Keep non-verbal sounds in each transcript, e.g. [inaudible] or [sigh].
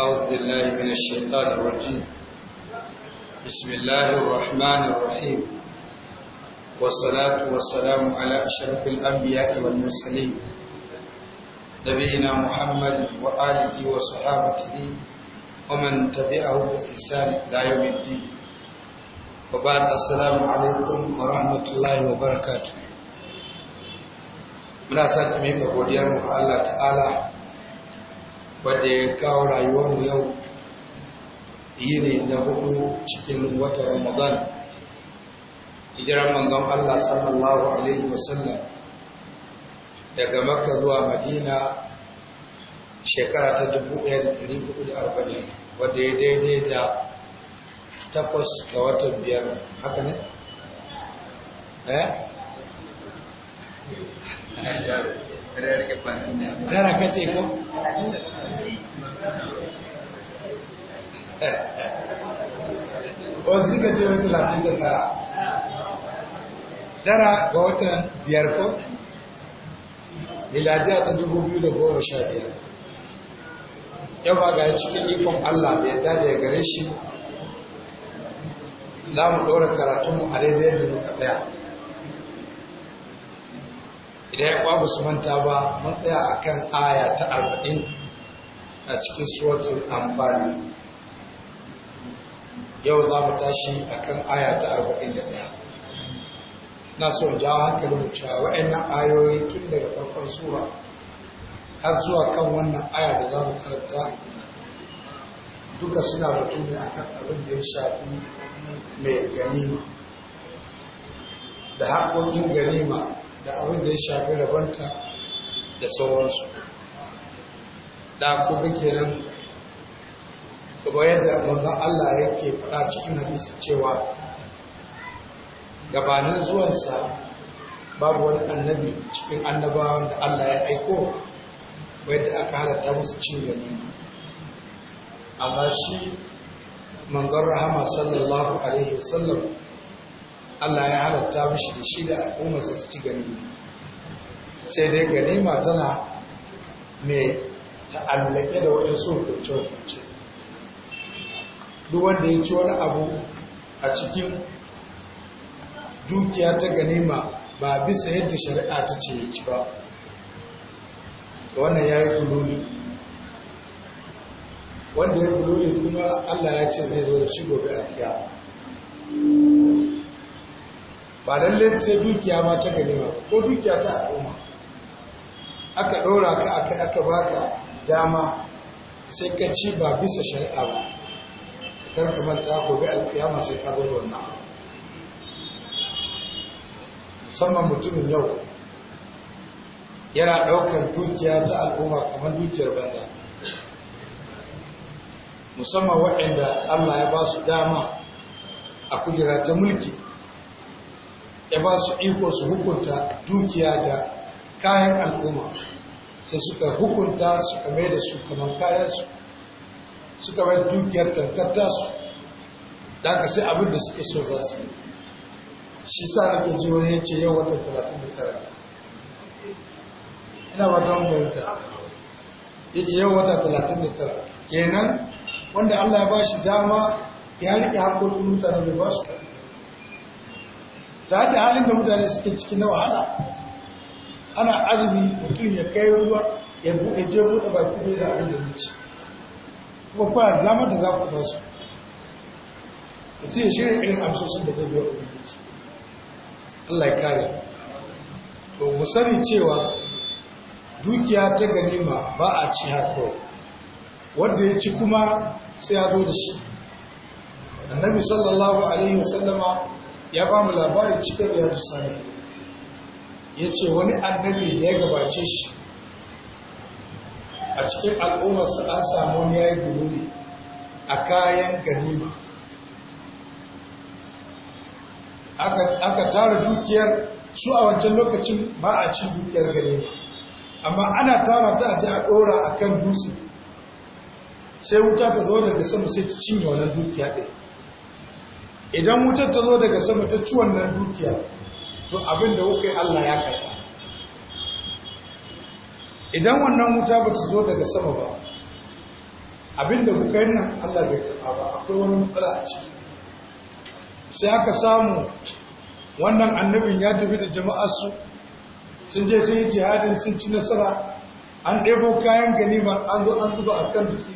أعوذ بالله من الشيطان الرجيم بسم الله الرحمن الرحيم والصلاة والسلام على أشرف الأنبياء والمرسلين نبينا محمد وآله وصحابته ومن تبعه بإحسان إلى يوم الدين وبعد السلام عليكم ورحمة الله وبركاته muna sake miƙa godiyar mu ga Allah ta'ala wadda ya kawo mu yau yini na hudu cikin watan ramadan hijiran mangan Allah sallallahu alaihi wasallam daga makka zuwa madina shekara ta 1440 wadda ya daidai da takwas ga watan biyar haka ne? eh? tara ka ce ko wasu suka ce wata latin da tara tara ga watan biyar ko miladiya ta dubu biyu da goma sha biyar yau ba ga cikin ikon allah bai da ya gare shi za mu ɗora karatunmu a da muka ɗaya idan ya kwa su manta ba mun tsaya akan aya ta arba'in a cikin suwatul amfani yau za mu tashi akan aya ta arba'in da ɗaya na son jawo hankalin mu cewa wa'annan ayoyi tun daga farkon sura har zuwa kan wannan aya da za mu karanta duka suna batu ne akan abin da ya shafi mai ganima da haƙoƙin ganima da abin da ya shafi rabanta da sauransu da kuma kenan kuma yadda manzon Allah yake faɗa cikin hadisi cewa gabanin zuwansa babu wani annabi cikin annabawan da Allah ya aiko da aka halatta musu cin gani amma shi manzon rahama sallallahu alaihi wasallam Allah ya halatta mishi da shi da al'ummarsa su ci ganima sai dai ganima tana mai ta'allake da waɗansu hukunce-hukunce duk wanda ya ci wani abu a cikin dukiya ta ganima ba bisa yadda shari'a ta ce ya ci ba wannan ya yi wanda ya kululi kuma allah ya ce zai zo da shi gobe a kiyama ba lalle ce dukiya ma ta gare ba ko dukiya ta al'umma aka ɗora ka aka aka baka dama sai ka ci ba bisa shari'a ba kar ka manta gobe alkiyama sai ka zo wannan musamman mutumin yau yana ɗaukar dukiya ta al'umma kamar dukiyar banza musamman waɗanda Allah ya ba su dama a kujera ta mulki ya ba su iko su hukunta dukiya da kayan al'umma sai suka hukunta suka mai da su kamar kayansu suka mai dukiyar tankarta su da aka sai abin da suke so za su yi shi sa ke ji wani yace yau wata talatin da tara ina ba don ya yace yau wata talatin da tara kenan wanda Allah ya ba shi dama ya riƙe haƙƙoƙin mutane da ba su ta hada halin da mutane suke ciki na wahala ana azumi mutum ya kai ruwa ya buɗe je buɗe baki ne da abin da zai ci kuma kwa lamar da za ku ba su mutum ya shirya irin amsoshin da zai biya ubangiji Allah ya kare to mu sani cewa dukiya ta ganima ba a ci haka wanda ya ci kuma sai ya zo da shi annabi sallallahu alaihi wasallama ya ba mu labarin cikin ya sani ya ce wani annabi da ya gabace shi a cikin al'ummarsa an samu wani ya yi gurumi a kayan ganima aka tara dukiyar su a wancan lokacin ba a ci dukiyar ganima amma ana tara ta aji a ɗora a kan dutse sai wuta ta zo daga sama sai ta cinye wani dukiya ɗaya idan wutar ta zo daga sama ta ci wannan dukiya to abin da kuka Allah ya karɓa idan wannan wuta ba ta zo daga sama ba abin da kuka yi nan Allah bai karɓa ba akwai wani matsala a ciki sai aka samu wannan annabin ya tafi da su, sun je sun yi jihadin sun ci nasara an ɗebo kayan ganima an zo an zuba a kan duki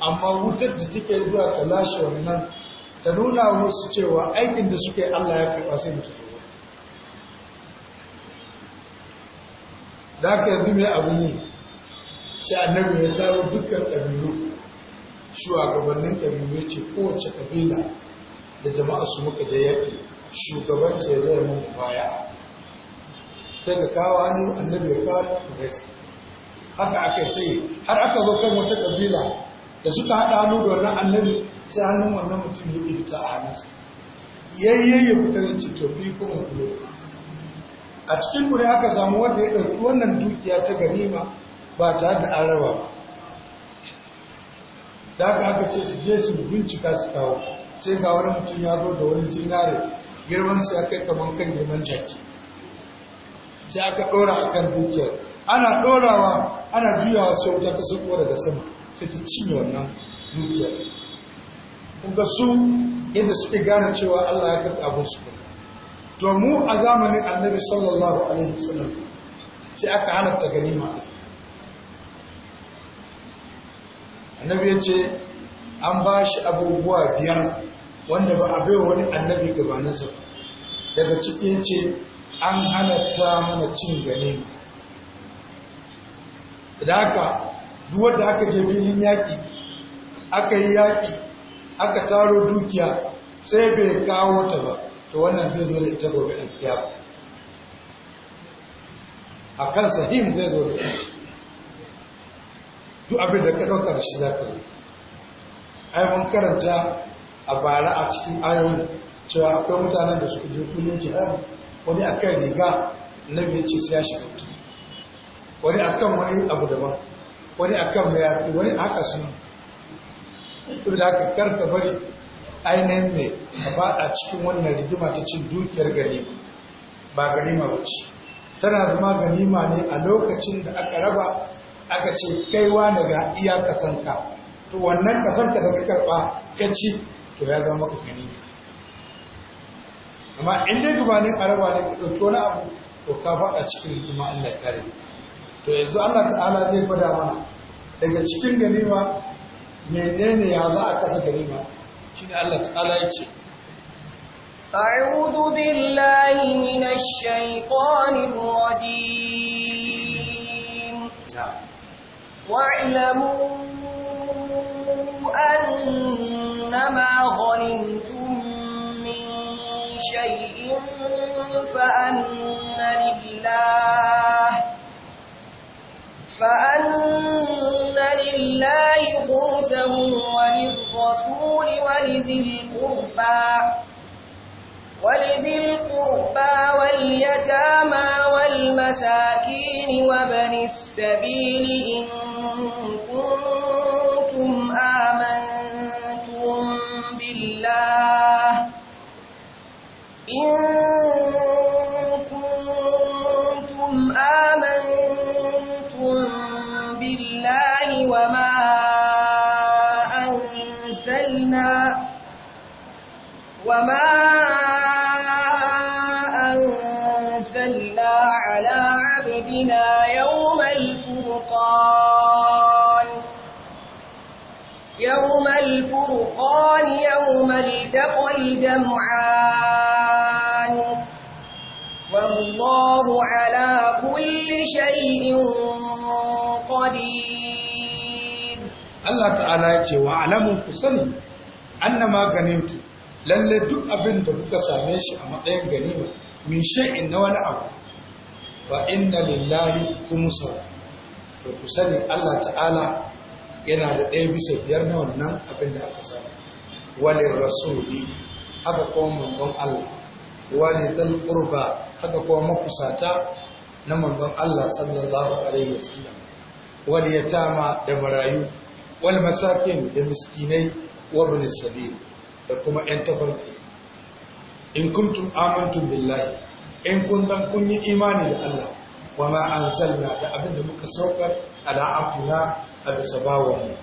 amma wutar da take zuwa ta lashe wannan ta nuna musu cewa aikin da suke Allah ya karɓa sai musu tsoro da aka yanzu mai abu ne sai annabi ya taro dukkan ƙabilu shugabannin ƙabilu ya ce kowace ƙabila da jama'a su muka je yaƙi shugaban ta ya zai mun baya sai ka kawo hannu annabi ya kawo gaisa haka aka ce har aka zo kan wata ƙabila da suka haɗa hannu da wannan annabi sai hannun wannan mutum ya ɗirta a hannunsa yayye ya fitar da citofi ko mafulo a cikin kuri aka samu wanda ya ɗauki wannan dukiya ta ganima ba tare da an rawa ba da aka haka ce su je su bincika su kawo sai ga wani mutum ya zo da wani zinare girman su ya kai kamar kan girman jaki sai aka ɗora a kan dukiyar ana ɗorawa ana juyawa sai wuta ta sako daga sama sai ta cinye wannan dukiyar kuka su yadda suke gane cewa Allah ya karɓi abin su to mu a zamanin annabi sallallahu alaihi wasallam sai aka halatta ganima ɗin annabi ya ce an ba shi abubuwa biyar wanda ba a baiwa wani annabi gabaninsa ba daga ciki ce an halatta mana cin ganima da haka duk wanda aka je filin yaƙi aka yi yaƙi aka taro dukiya sai bai kawo ta ba to wannan zai zo da ita gobe a kiya a kan sahim zai zo da ita duk abin da ka shi za ka ai mun karanta a bara a cikin ayoyi cewa akwai mutanen da suka je kullum jihar wani a kan riga na ya ce sai ya shiga wani a kan wani abu daban wani a kan mayafi wani haka sun to da aka karta bari ainihin mai a cikin wannan rigima ta cin dukiyar ganima ba ganima ba ce tana zama ganima ne a lokacin da aka raba aka ce kaiwa daga iya kasanka to wannan kasanka da ka karba ya ci to ya zama maka ganima amma in dai ne a raba ne ka ɗauki wani abu to ka fada cikin rigima Allah to yanzu Allah ta'ala zai faɗa mana daga cikin ganima mene ne ya za a kasa gari ma shi ne Allah ta ala yake a'udhu billahi minash shaitanir rajim wa ilamu annama ghanimtum min shay'in fa anna lillahi فأن لله خمسهم وللرسول ولذي القربى ولذي القربى واليتامى والمساكين وابن السبيل إن كنتم آمنتم بالله إن كنتم آمنتم وما أنزلنا وما أنزلنا على عبدنا يوم الفرقان يوم الفرقان يوم التقى الجمعان والله على كل شيء قدير Allah ta'ala ya ce wa alamun ku sani annama ganimtu lalle duk abin da kuka same shi a matsayin ganima min shay'in na wani abu Wa inna lillahi khumsa to ku sani Allah ta'ala yana da ɗaya bisa biyar na wannan abin da aka samu walin rasuli haka kowa manzon Allah wani zan qurba haka kowa makusata na manzon Allah sallallahu alaihi wasallam wal yatama da marayu Wani masakin da miskinai wa ibn sabil da kuma yan tafarki in kuntun amintun billahi in kundan kunyi kun yi imani da Allah wa ma anzalna da abin da muka saukar ala abdina a bisa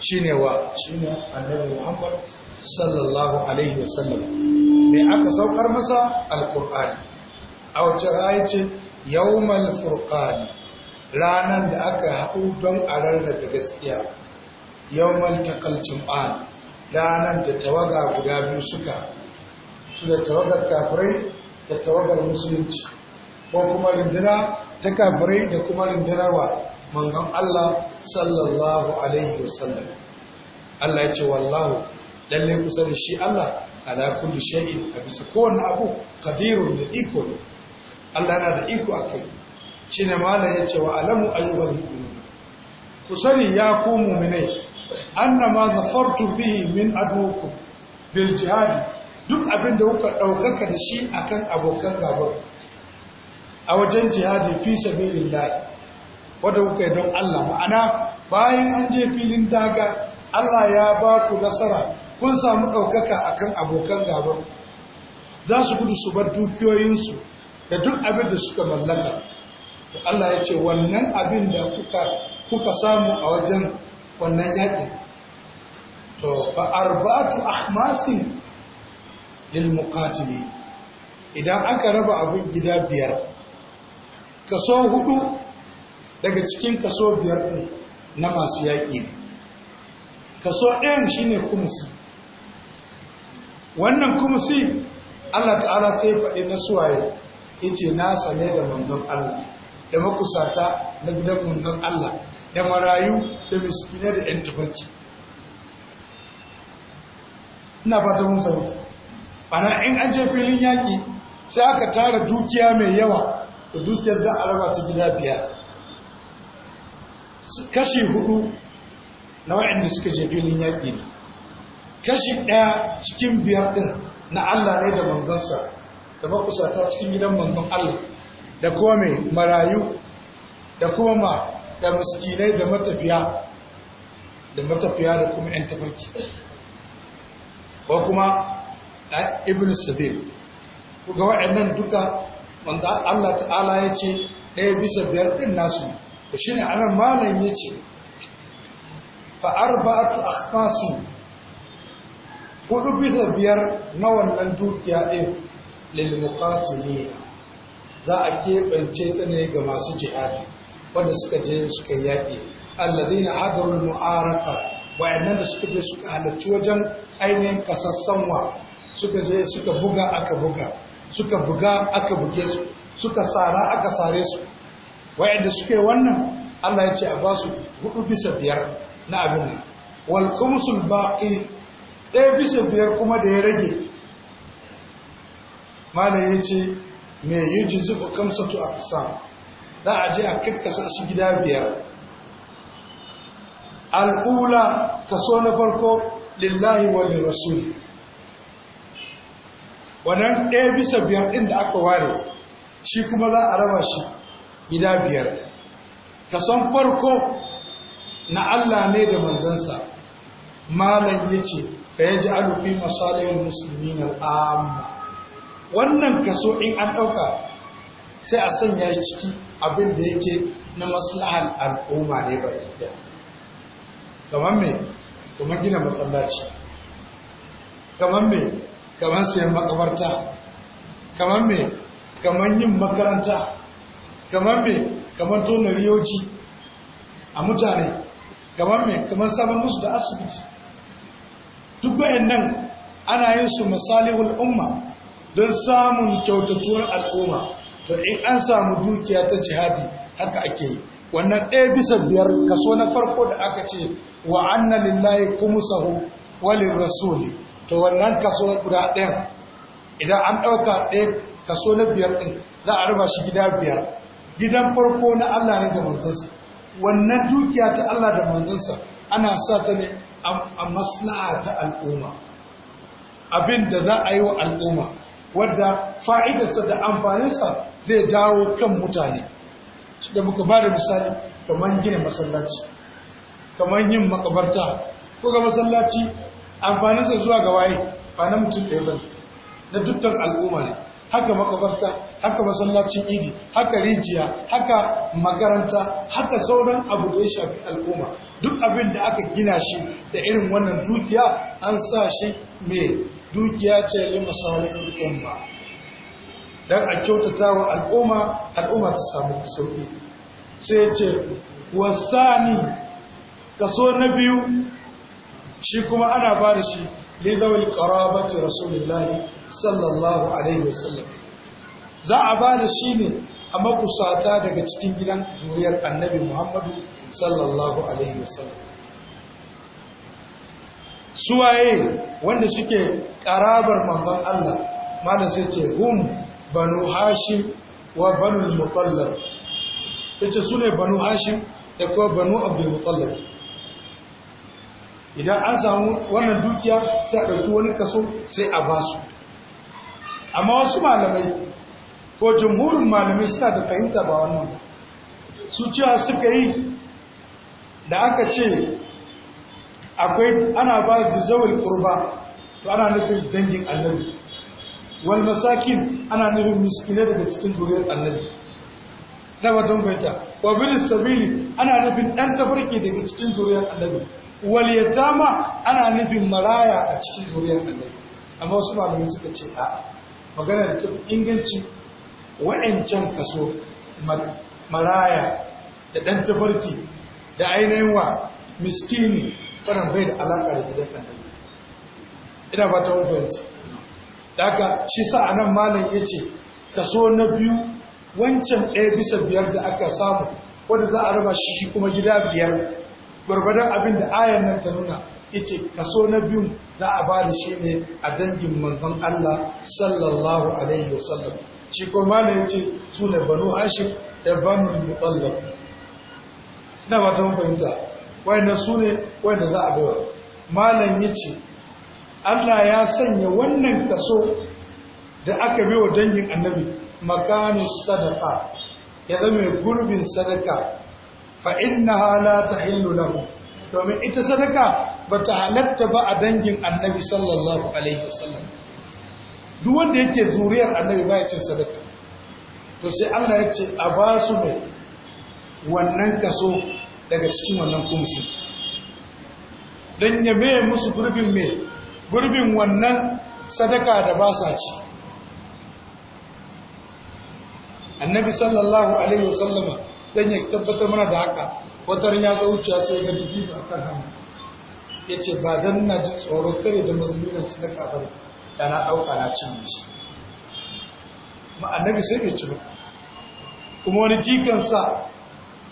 Shi ne wa ne annabi Muhammad sallallahu alaihi wasallam me aka saukar masa alkur'ani a wacce ayi ce yawmal furqani ranar da aka haɗu don a da gaskiya yau maltakal an ranar da tawaga guda biyu suka su da tawagar kafirai da tawagar musulunci ko kuma rindina ta kafirai da kuma wa mangan Allah sallallahu alaihi wasallam Allah ya ce wallahu lalle kusa da shi Allah ala kulli shay'in a bisa kowane abu kadirun da iko Allah yana da iko a kai shi ne ya ce wa alamu ayyukan mu'minin ku sani ya ku mu'minai annama fartu bihi min adukum bil jihadi duk abin da kuka ɗaukaka da shi akan abokan gabar a wajen jihadi fi lillahi wadda kuka yi don Allah ma'ana bayan an je filin daga Allah ya ba ku nasara kun samu ɗaukaka akan abokan gabar za su gudu su bar dukiyoyinsu da duk abin da suka mallaka to Allah ya ce wannan abin da kuka samu a wajen wannan yaƙi to ba arbatu ahmasin lil idan aka raba abin gida biyar kaso hudu daga cikin kaso biyar ɗin na masu yaƙi ne kaso ɗayan shine kumusi wannan kumusi Allah ta'ala sai faɗi na suwaye ce na sane da manzon Allah da makusata na gidan mundan Allah da marayu da miskinai da ‘yan tafarki ina fata mun sauti ana in an je filin yaƙi sai aka tara dukiya mai yawa da dukiyar za a raba ta gida biyar kashi hudu na waɗanda suka je filin yaƙi ne kashi ɗaya cikin biyar ɗin na Allah ne da manzansa da makusata cikin gidan mangan Allah da kuma mai marayu da kuma ma da muskinai da matafiya da matafiya da kuma 'yan tafarki ko kuma ibn ku ga waɗannan duka wanda Allah ta'ala ya ce ɗaya bisa biyar ɗin nasu da shi ne anan malam ya ce fa'ar ba'atu akhmasin hudu bisa biyar na wannan dukiya ɗin lilmukatu ne za a keɓance ta ne ga masu jihadi wanda suka je suka yaƙi alladhina hadarun mu'araka wayannan da suka je suka halarci wajen ainihin kasassanwa suka je suka buga aka buga suka buga aka buge su suka sara aka sare su suka suke wannan Allah ya ce a ba su hudu bisa biyar na abin nan wal kumsul baqi ɗaya bisa biyar kuma da ya rage malam ya ce mai yi jizuku kamsatu a kusan za a je a kakkasa shi gida biyar al'ula so na farko lillahi wa rasul. wannan ɗaya bisa biyar ɗin da aka ware shi kuma za a raba shi gida biyar kason farko na Allah ne da manzansa malam ya ce fa ya ji alufi masalayin musulmi na al'amma wannan kaso in an ɗauka sai a sanya ciki abin da yake na maslahar al'umma ne ba ɗaya kamar me kamar gina matsalaci kamar me kamar sayan makabarta kamar me kamar yin makaranta kamar me kamar tona riyoci a mutane kamar me kamar samun musu da asibiti duk nan ana yin su misalihul umma don samun kyautatuwar al'umma to in an samu dukiya ta jihadi haka ake yi wannan ɗaya bisa biyar kaso na farko da aka ce wa anna lillahi sahu walin rasuli to wannan kaso guda ɗaya, idan an ɗauka ɗaya kaso na biyar ɗin za a raba shi gida biyar gidan farko na Allah ne da manzansa wannan dukiya ta Allah da manzansa ana sa ta ne a maslaha ta al'umma abin da za a yi wa al'umma wadda fa'idarsa da amfaninsa zai dawo kan mutane su da muka ba da misali kamar gina masallaci kamar yin makabarta ko ga masallaci amfaninsa zuwa ga waye ba na mutum ɗaya na dukkan al'umma ne haka makabarta haka masallacin idi haka rijiya haka makaranta haka sauran abu da ya shafi al'umma duk abin da aka gina shi da irin wannan dukiya an sa shi mai dukiya ce li masalihin ba dan a kyautata wa al'umma al'umma ta samu sauƙi sai ce wasani kaso na biyu shi kuma ana ba da shi li zawil qarabati rasulullahi sallallahu alaihi wasallam za a ba da shi ne a makusata daga cikin gidan zuriyar annabi muhammadu sallallahu alaihi wasallam suwaye wanda suke karabar manzon Allah malam sai ce hum banu hashim wa banu al-mutallab yace sune banu hashim da kuma banu abdul mutallab idan an samu wannan dukiya sai a ɗauki wani kaso sai a basu. su amma wasu malamai ko jamhurin malamai suna da fahimta ba wannan su cewa suka yi da aka ce akwai ana ba da zawul qurba to ana nufin dangin annabi wal masakin ana nufin miskile daga cikin zuriyar annabi na batun baita wa bil sabili ana nufin dan tafarki daga cikin zuriyar annabi wal yatama ana nufin maraya a cikin zuriyar annabi amma wasu malamai suka ce a magana da tafi inganci wa'ancan kaso maraya da dan tafarki da ainihin wa miskini wannan bai da alaka da gidan annabi ina ba ta fahimta daga shi sa anan malam yace kaso na biyu wancan ɗaya bisa biyar da aka samu wanda za a raba shi kuma gida biyar gwargwadon abin da ayan nan ta nuna yace kaso na biyu za a ba da shi ne a dangin manzon Allah sallallahu alaihi wasallam shi ko malam yace su ne banu hashim da banu mutallab ina ba ta fahimta na su ne wayanda za a baiwa malam ya ce Allah ya sanya wannan kaso da aka wa dangin annabi makanin sadaka ya zama gurbin sadaka fa hala la tahillu lahu domin ita sadaka ba ta halatta ba a dangin annabi sallallahu alaihi wasallam duk wanda yake zuriyar annabi ba ya cin sadaka to sai Allah ya ce a ba su ne wannan kaso daga cikin wannan kumsi don ya mai musu gurbin mai gurbin wannan sadaka da ba sa ci annabi sallallahu alaihi wasallama don ya tabbatar mana da haka watar ya ga wuce sai ga dubi a kan hannu ya ce ba don na ji tsoron kare da mazmunan sadaka ba da na ɗauka na cin shi ma annabi sai bai ci ba kuma wani jikansa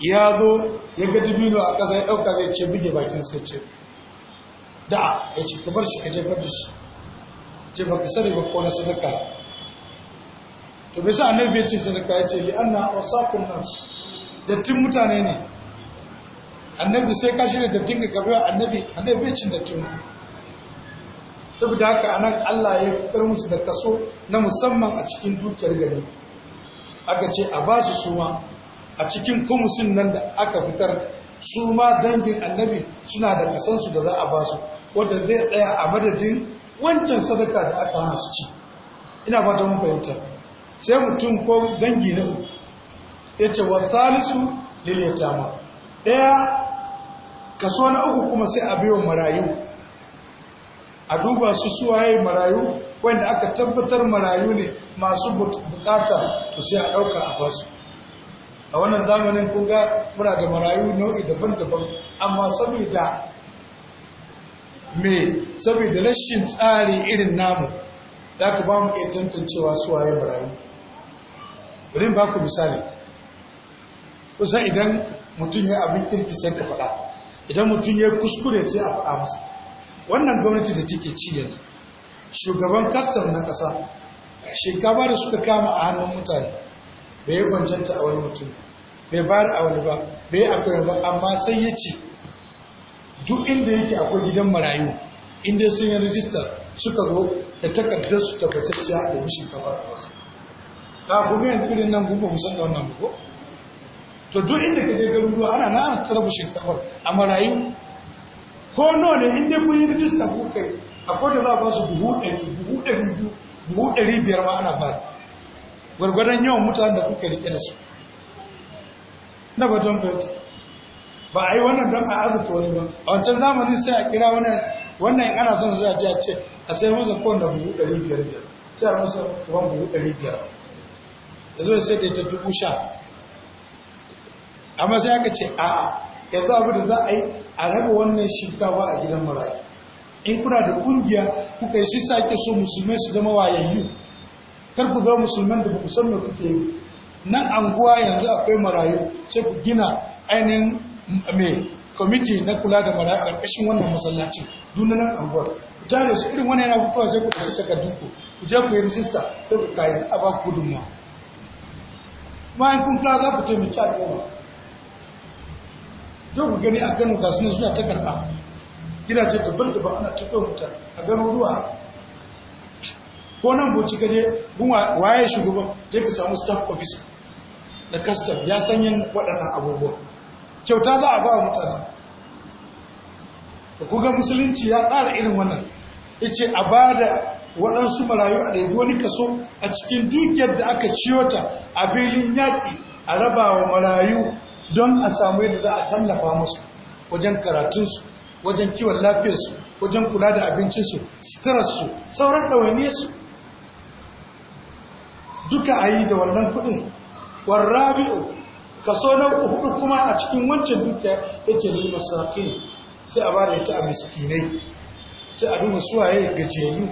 ya zo ya ga dubino a ƙasa ya ɗauka zai ce buge bakin sai da ya ce ka bar shi ka jefar da shi ce ba ka sani ba ko na sadaka to bai sa annabi bai ce sadaka ya ce li'anna awsaqun nas dattin mutane ne annabi sai ka shi ne dattin ga kabila annabi annabi bai cin dattin saboda haka anan Allah ya fitar musu da kaso na musamman a cikin dukiyar gari aka ce a ba su suma a cikin kumusin nan da aka fitar su ma dangin annabi suna da kasansu da za a ba su wadda zai tsaya a madadin wancan sadaka da aka hana su ci ina fata mun fahimta sai mutum ko dangi na uku ya ce wa salisu ma. ɗaya kaso na uku kuma sai a biyo marayu a duba su suwaye marayu wanda aka tabbatar marayu ne masu bukata to sai a ɗauka a basu a wannan zamanin kun muna da marayu nau'i daban-daban amma saboda me saboda rashin tsari irin namu za ka ba mu iya tantancewa suwaye marayu bari ba ku misali kusan idan mutum ya abin kirki sai ka faɗa idan mutum ya kuskure sai a faɗa masa wannan gwamnati da take ci yanzu shugaban kastam na ƙasa shekaba da suka kama a hannun mutane bai kwancanta a wani mutum bai bari a wani ba bai akwai ba amma sai ya ce duk inda yake akwai gidan marayu inda sun yi rijista suka zo da takardar su tabbatacciya da mishi kamar a wasu ta kuma yin irin nan gugu musan da wannan gugu to duk inda ka je garuruwa ana na ta tarabu a marayu ko nawa ne inda kun yi rijista kuka yi akwai da za a ba su buhu ɗari buhu ɗari biyu biyar ma ana fara gwargwadon yawan mutanen da kuka rike da su na baton fahimta ba a yi wannan don a azurta wani ba a wancan zamani sai a kira wani wannan ana son zuwa ce a ce a sai musa kowane da buhu ɗari biyar biyar sai a musa kowane buhu ɗari biyar da zo sai da ita dubu sha amma sai aka ce a yanzu abu da za a yi a raba wannan shinkawa a gidan marayu in kuna da kungiya kuka yi shi sake so musulmai su zama wayayyu kar ku zama musulman da ba ku san me kuke yi nan anguwa yanzu akwai marayu sai ku gina ainihin me kwamiti na kula da marayu a ƙarƙashin wannan masallaci dunanan anguwa. ku tare su irin wani yana fitowa sai ku tafi takardun ku ku je ku yi rijista sai ku kayi a ba ku ma in kun kawo za ku taimaki al'umma don ku gani a kano ga suna ce ta karɓa gidaje daban-daban ana tafiya mutane a gano ruwa. ko nan boci gaje gunwa waye shugaban je ka samu staff officer da custom ya san yin waɗannan abubuwa kyauta za a ba wa mutane da kuga musulunci ya tsara irin wannan yace a ba da waɗansu marayu a ɗaiɗi wani kaso a cikin dukiyar da aka ciyo ta a filin yaƙi a raba wa marayu don a samu yadda za a tallafa musu wajen karatunsu wajen kiwon lafiyarsu wajen kula da abincinsu sitararsu sauran ɗawainiyarsu duka a yi da wannan kudin warrabi'u kaso na hudu kuma a cikin wancan duka ya ce ne masaraki sai a bada ita a miskinai sai a gajiyayyu. suwaye gajeyu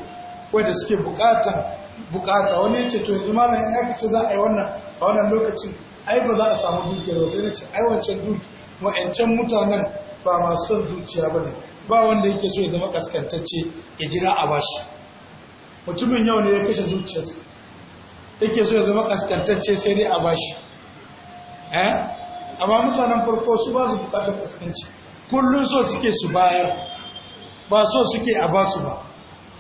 wadda suke bukata bukata wani ya ce to yanzu malam ya ka ce za a yi wannan a lokacin ai ba za a samu dukiyar ba sai na ce ai wancan duki wa'ancan mutanen ba masu son zuciya ba ne ba wanda yake so ya zama kaskantacce ya jira a bashi mutumin yau ne ya kashe zuciyarsa yake so ya zama kaskantacce sai dai a bashi eh amma mutanen farko su ba su bukatar kaskanci kullum so suke su bayar ba so suke a basu ba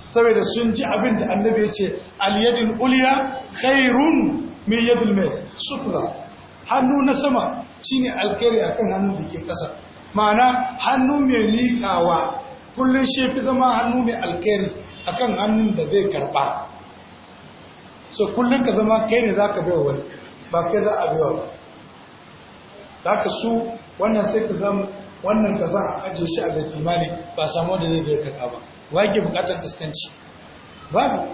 saboda sun ji abin da annabi ya ce aliyadin uliya khairun min yadul mai hannu na sama shine alkhairi akan hannun da ke ƙasa, ma'ana hannu mai liƙawa kullum shi fi zama hannu mai alkhairi akan hannun da zai karɓa so kullum ka zama kai ne za ka bai wani ba kai za a bai wa za ka su wannan sai ka zama wannan ka za a ajiye shi a ga kimanin ba samu wanda zai zai karɓa ba wage bukatar kaskanci ne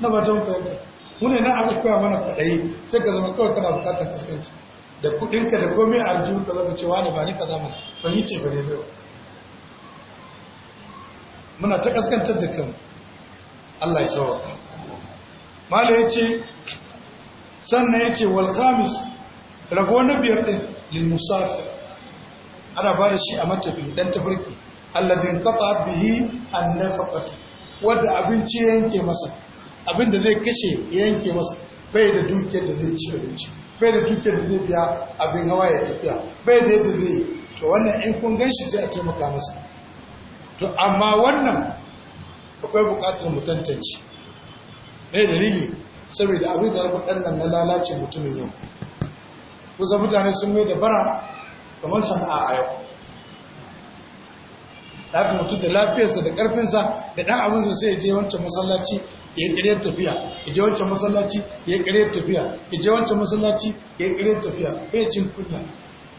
na ba don kawai mune na aka koya mana kwaɗayi sai ka zama kawai kana bukatar kaskanci da kuɗinka da komai a aljihu ka zama cewa ne ba ni ka zama ba yi ce ba ne bai muna ta kaskantar da kan Allah ya ta. mala ya ce sannan ya ce walhamis rago na biyar ɗin limusafi ana ba da shi a matafi ɗan tafirki alladin kafa bihi an nafaqatu wadda abinci ya yanke masa abin da zai kashe ya yanke masa bai da dukiyar da zai ci abinci bai da dukiyar da zai biya abin hawa ya tafiya bai da yadda zai yi. to wannan in kun gan shi sai a taimaka masa to amma wannan akwai buƙatar mu tantance mai dalili saboda abin da faɗan nan na lalace mutumin yau kusa mutane sun mai da bara kamar sana'a a yau fi mutum da lafiyarsa da ƙarfinsa da ɗan abinsa sai ya je wancan masallaci ya yi ƙirar tafiya ya je wancan masallaci ya yi ƙirar tafiya ya je wancan masallaci ya yi ƙirar tafiya bai cin kunya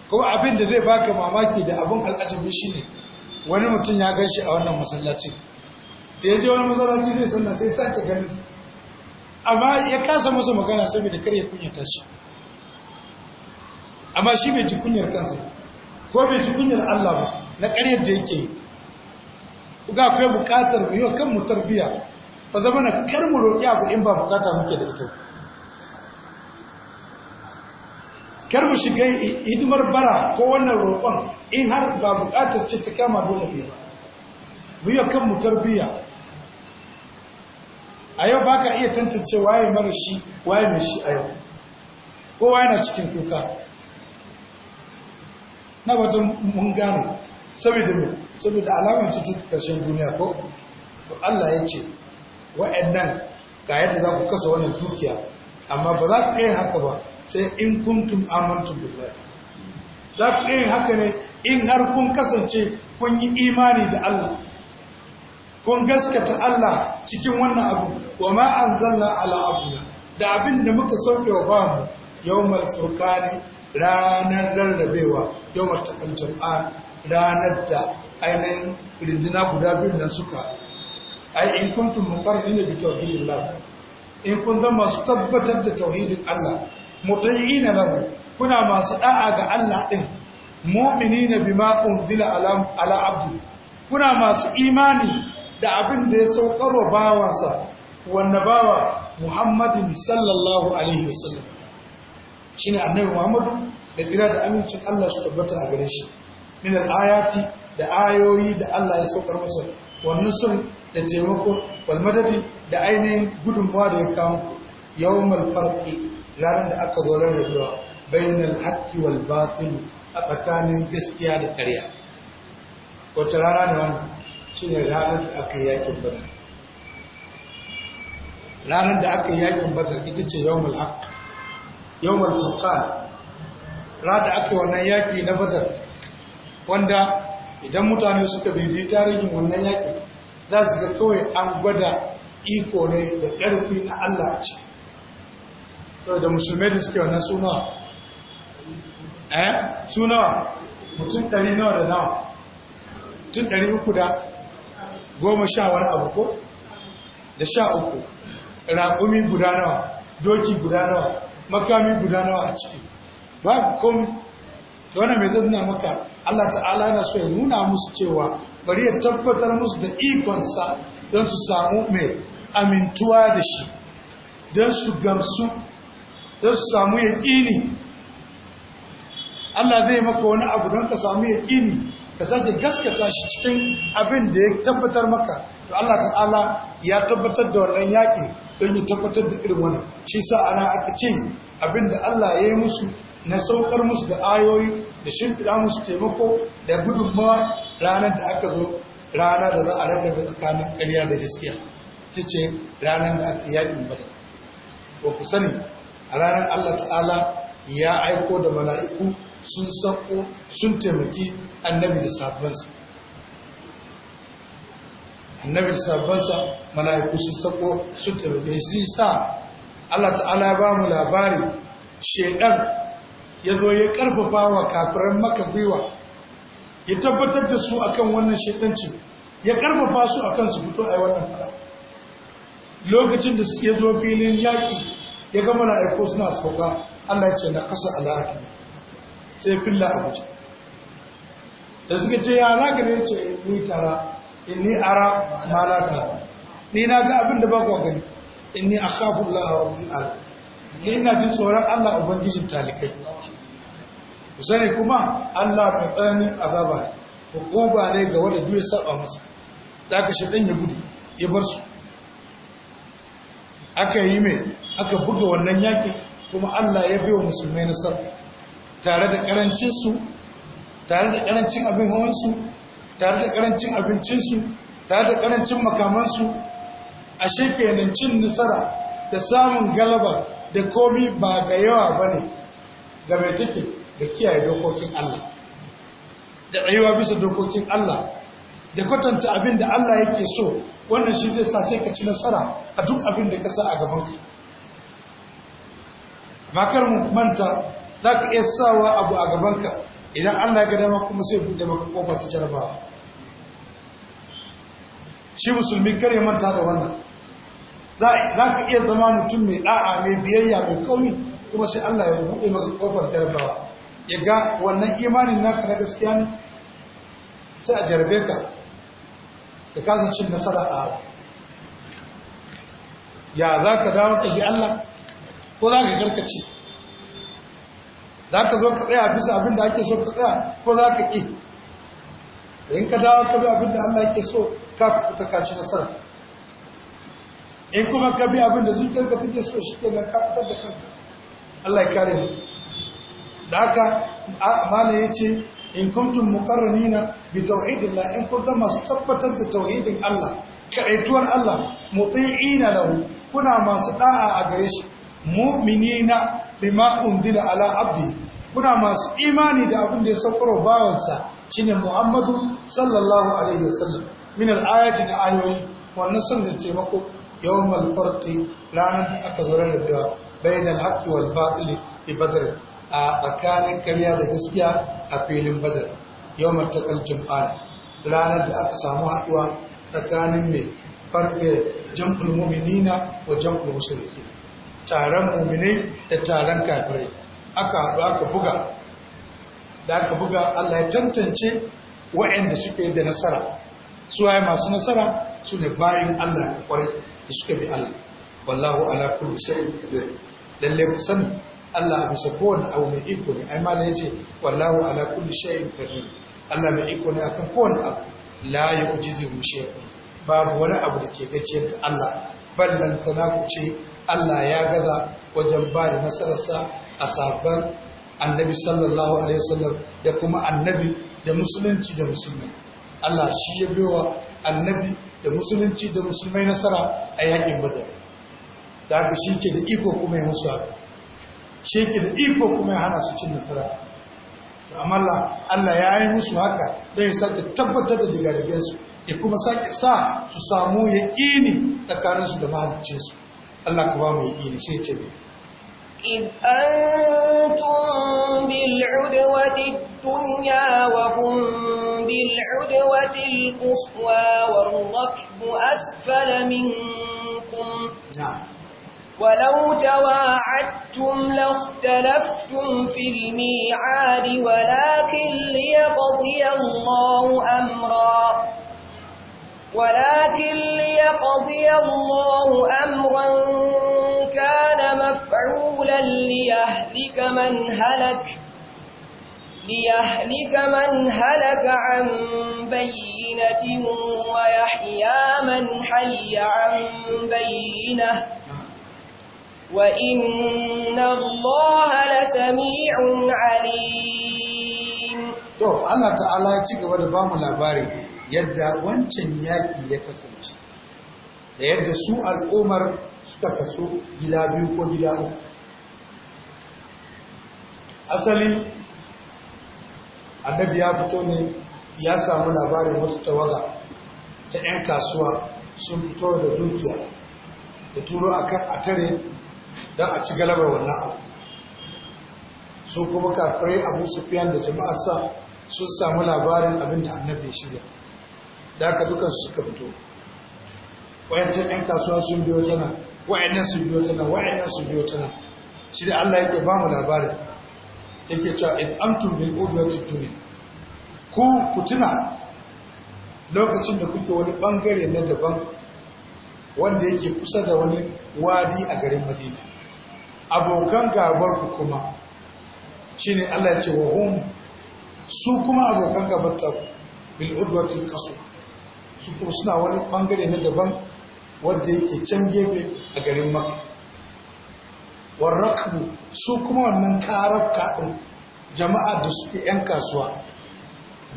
kuma abin da zai baka mamaki da abin al'ajabi shi ne wani mutum ya gan shi a wannan masallacin da ya je wani masallaci zai sannan sai sake ganin amma ya kasa masa magana saboda kar ya kunyata shi amma shi bai ji kunyar kansa ko bai ji kunyar Allah ba na ƙaryar da yake ga akwai buƙatar mu yi wa kanmu tarbiyya ba zama na kar mu roƙi abu in ba buƙata muke da ita kar mu shiga hidimar bara ko wannan roƙon in har ba buƙatar ce ta kama dole ne ba mu yi wa kanmu tarbiyya a yau ba ka iya tantance waye mara shi waye mai shi a yau kowa yana cikin kuka na batun mun gane saboda mai saboda alamar cutar ƙarshen duniya ko Allah ya ce nan ga yadda za ku kasa wannan dukiya amma ba za ku iya haka ba sai in kuntum amantum billahi za ku iya haka ne in har kun kasance kun yi imani da Allah kun gaskata Allah cikin wannan abu wa ma zalla ala abuna da abin da muka sauke wa bamu mai saukari ranar rarrabewa mai takal a ranar da ainihin rindina guda biyu nan suka ai in kuntum muqarrinin bi Allah in kun zama masu tabbatar da tauhidin Allah ina lahu kuna masu da'a ga Allah din mu'minina bima unzila ala ala abdi kuna masu imani da abin da ya saukar wa bawansa wanda bawa muhammadin sallallahu alaihi wasallam shi ne annabi muhammadu da kira da amincin allah su tabbata a gare shi min al-ayati da ayoyi da allah ya saukar masa wannan sun da taimako walmadadi da ainihin gudunmawa da ya kawo yawmal farki ranar da aka zo da bainal haqqi wal batil a tsakanin gaskiya da ƙarya wace rana ne wannan shine ranar da aka yi yakin badar ranar da aka yi yakin badar ita ce yawmul haqq yawmul furqan ranar da aka yi wannan yaki na badar wanda idan mutane suka bibi tarihin wannan yaki za su ga kawai an gwada iko ne da ƙarfi na Allah ce da musulmai da suke wannan suna eh suna mutum ɗari nawa da nawa mutum ɗari uku da goma sha wani abu ko da sha uku raƙumi guda nawa doki guda nawa makami guda nawa a ciki ba komi da wani mai zai maka Allah ta'ala yana so ya nuna musu cewa bari ya tabbatar musu da ikonsa don su samu mai amintuwa da shi don su gamsu don su samu yaƙini Allah zai maka wani abu don ka samu yaƙini ka sake gaskata shi cikin abin da ya tabbatar maka to Allah ta'ala ya tabbatar da wannan yaƙi don ya tabbatar da irin wani shi sa ana aka ce abin da Allah ya yi musu na saukar musu da ayoyi da shimfiɗa musu taimako da gudunmawa ranar da aka zo rana da za a da tsakanin ƙarya da gaskiya ce ce ranar da aka yaƙin mata ba ku sani a ranar Allah ta'ala ya aiko da mala'iku sun sako sun taimaki annabi da sabansa annabi da sabansa mala'iku sun sako sun taimaki shi sa Allah ta'ala ya ba mu labari shedan ya zo ya karfafa wa kafiran maka gwiwa ya tabbatar da su akan wannan shedanci ya karfafa su akan su fito a wannan fara lokacin da ya zo filin yaƙi ya gama mala'iku suna sauka Allah ya ce na kasa ala'akimai sai filla a guje da suka ce ya na gane ce ni tara in ni ara ma la ta ni na ga abin da ba ku gani inni akhafu Allah wa rabbil alamin ni ina jin tsoron Allah ubangijin talikai ku sani kuma Allah mai tsananin ku hukuma ne ga wanda duk ya saba masa da ka shaɗan ya gudu ya bar su aka yi mai aka buga wannan yaki kuma Allah ya bai wa musulmai nasara tare da ƙarancinsu, tare da karancin abin hawansu tare da karancin abincinsu tare da karancin makamansu ashe kenan cin nasara da samun galaba da komi ba ga yawa ba ne ga mai take da kiyaye dokokin Allah da tsayuwa bisa dokokin Allah da kwatanta abin da Allah yake so wannan shi zai sa sai ka ci nasara a duk abin da ka sa a gabanka. Bakar mu manta za ka iya sawa abu a gabanka idan allah ya dama kuma sai buɗe maka ƙofa ta jarba shi musulmi kar ya manta da wannan za ka iya zama mutum mai ɗa'a mai biyayya mai kauri kuma sai allah ya buɗe maka ƙofar jarabawa ya ga wannan imanin naka na gaskiya ne sai a jarbe ka da kasa cin nasara a abu ya za ka dawo ka bi allah ko za ka karkace za ka zo ka tsaya bisa abin da ake so ka tsaya ko za ka ƙi in ka dawo ka bi abin da Allah ake so ka kuta ka ci nasara in kuma ka bi abin da zuciyarka take so shi ke ka fitar da kanka Allah ya kare mu da haka mala ya ce in kuntum muqarranina bi tauhidillah in kuntum masu tabbatar da tauhidin Allah kaɗaituwar Allah muti'ina lahu kuna masu da'a a gare shi mu'minina bima undila ala abdi kuna masu imani da abin da ya saukar bawansa shine Muhammadu sallallahu alaihi wasallam min al-ayati da ayoyi wannan sun da taimako yawmal farqi ranar da aka da da al haqqi wal batil fi badr a tsakanin karya da gaskiya a filin badar yawmal taqal jam'an ranar da aka samu haduwa tsakanin mai farke jam'ul mu'minina wa jam'ul mushrikin taron mu'minai da taron kafirai aka haɗu aka buga da aka buga Allah ya tantance wa'anda suke da nasara su waye masu nasara su ne bayan Allah da kwarai da suka bi Allah wallahu ala kulli shay'in qadir lalle ku sani Allah a bisa kowane abu mai iko ne ai malai yace wallahu ala kulli shay'in qadir Allah mai iko ne akan kowane abu la yujizu shay'un babu wani abu da ke gajiyar da Allah ballan tana ku ce Allah ya gaza wajen ba da nasararsa a sabon annabi sallallahu alaihi wasallam da kuma annabi da musulunci da musulmai Allah shi ya wa annabi da musulunci da musulmai nasara a yakin badar da haka shi ke da iko kuma ya musu haka shi ke da iko kuma ya hana su cin nasara amma Allah ya yi musu haka don ya sake tabbatar da digadigensu ya kuma sake sa su samu yaƙini tsakaninsu da mahaliccinsu Allah ka ba mu yaƙini sai إذ أنتم بالعدوة الدنيا وهم بالعدوة القصوى والركب أسفل منكم نعم ولو تواعدتم لاختلفتم في الميعاد ولكن ليقضي الله أمرا ولكن ليقضي الله أمرا كان مفعولا ليهلك من هلك ليهلك من هلك عن بينة ويحيى من حي عن بينة وإن الله لسميع عليم تو الله تعالى يجيك ودبام الأبارك yadda wancan yaƙi ya kasance da yadda su al'ummar suka kaso gida biyu ko gida uku asali annabi ya fito ne ya samu labarin wasu tawaga ta 'yan kasuwa sun fito da dukiya da turo a kan a don a ci galabar wannan abu su kuma kafirai abu su fiye da jama'arsa sun samu labarin abin da annabi shirya da aka su suka fito wayancan ɗan kasuwa sun biyo tana wayannan sun biyo tana wayannan sun biyo tana shi da Allah yake ba mu labarin yake cewa in amtum bil ubiyati tuni ku ku tuna lokacin da kuke wani bangare na daban wanda yake kusa da wani wadi a garin Madina abokan gabar ku kuma shine Allah ya ce wa hum su kuma abokan gabar ta bil udwati qaswa su kuma suna wani bangare na daban wadda yake can gefe a garin maka warrakbu su kuma wannan karar kaɗin jama'a da suke 'yan kasuwa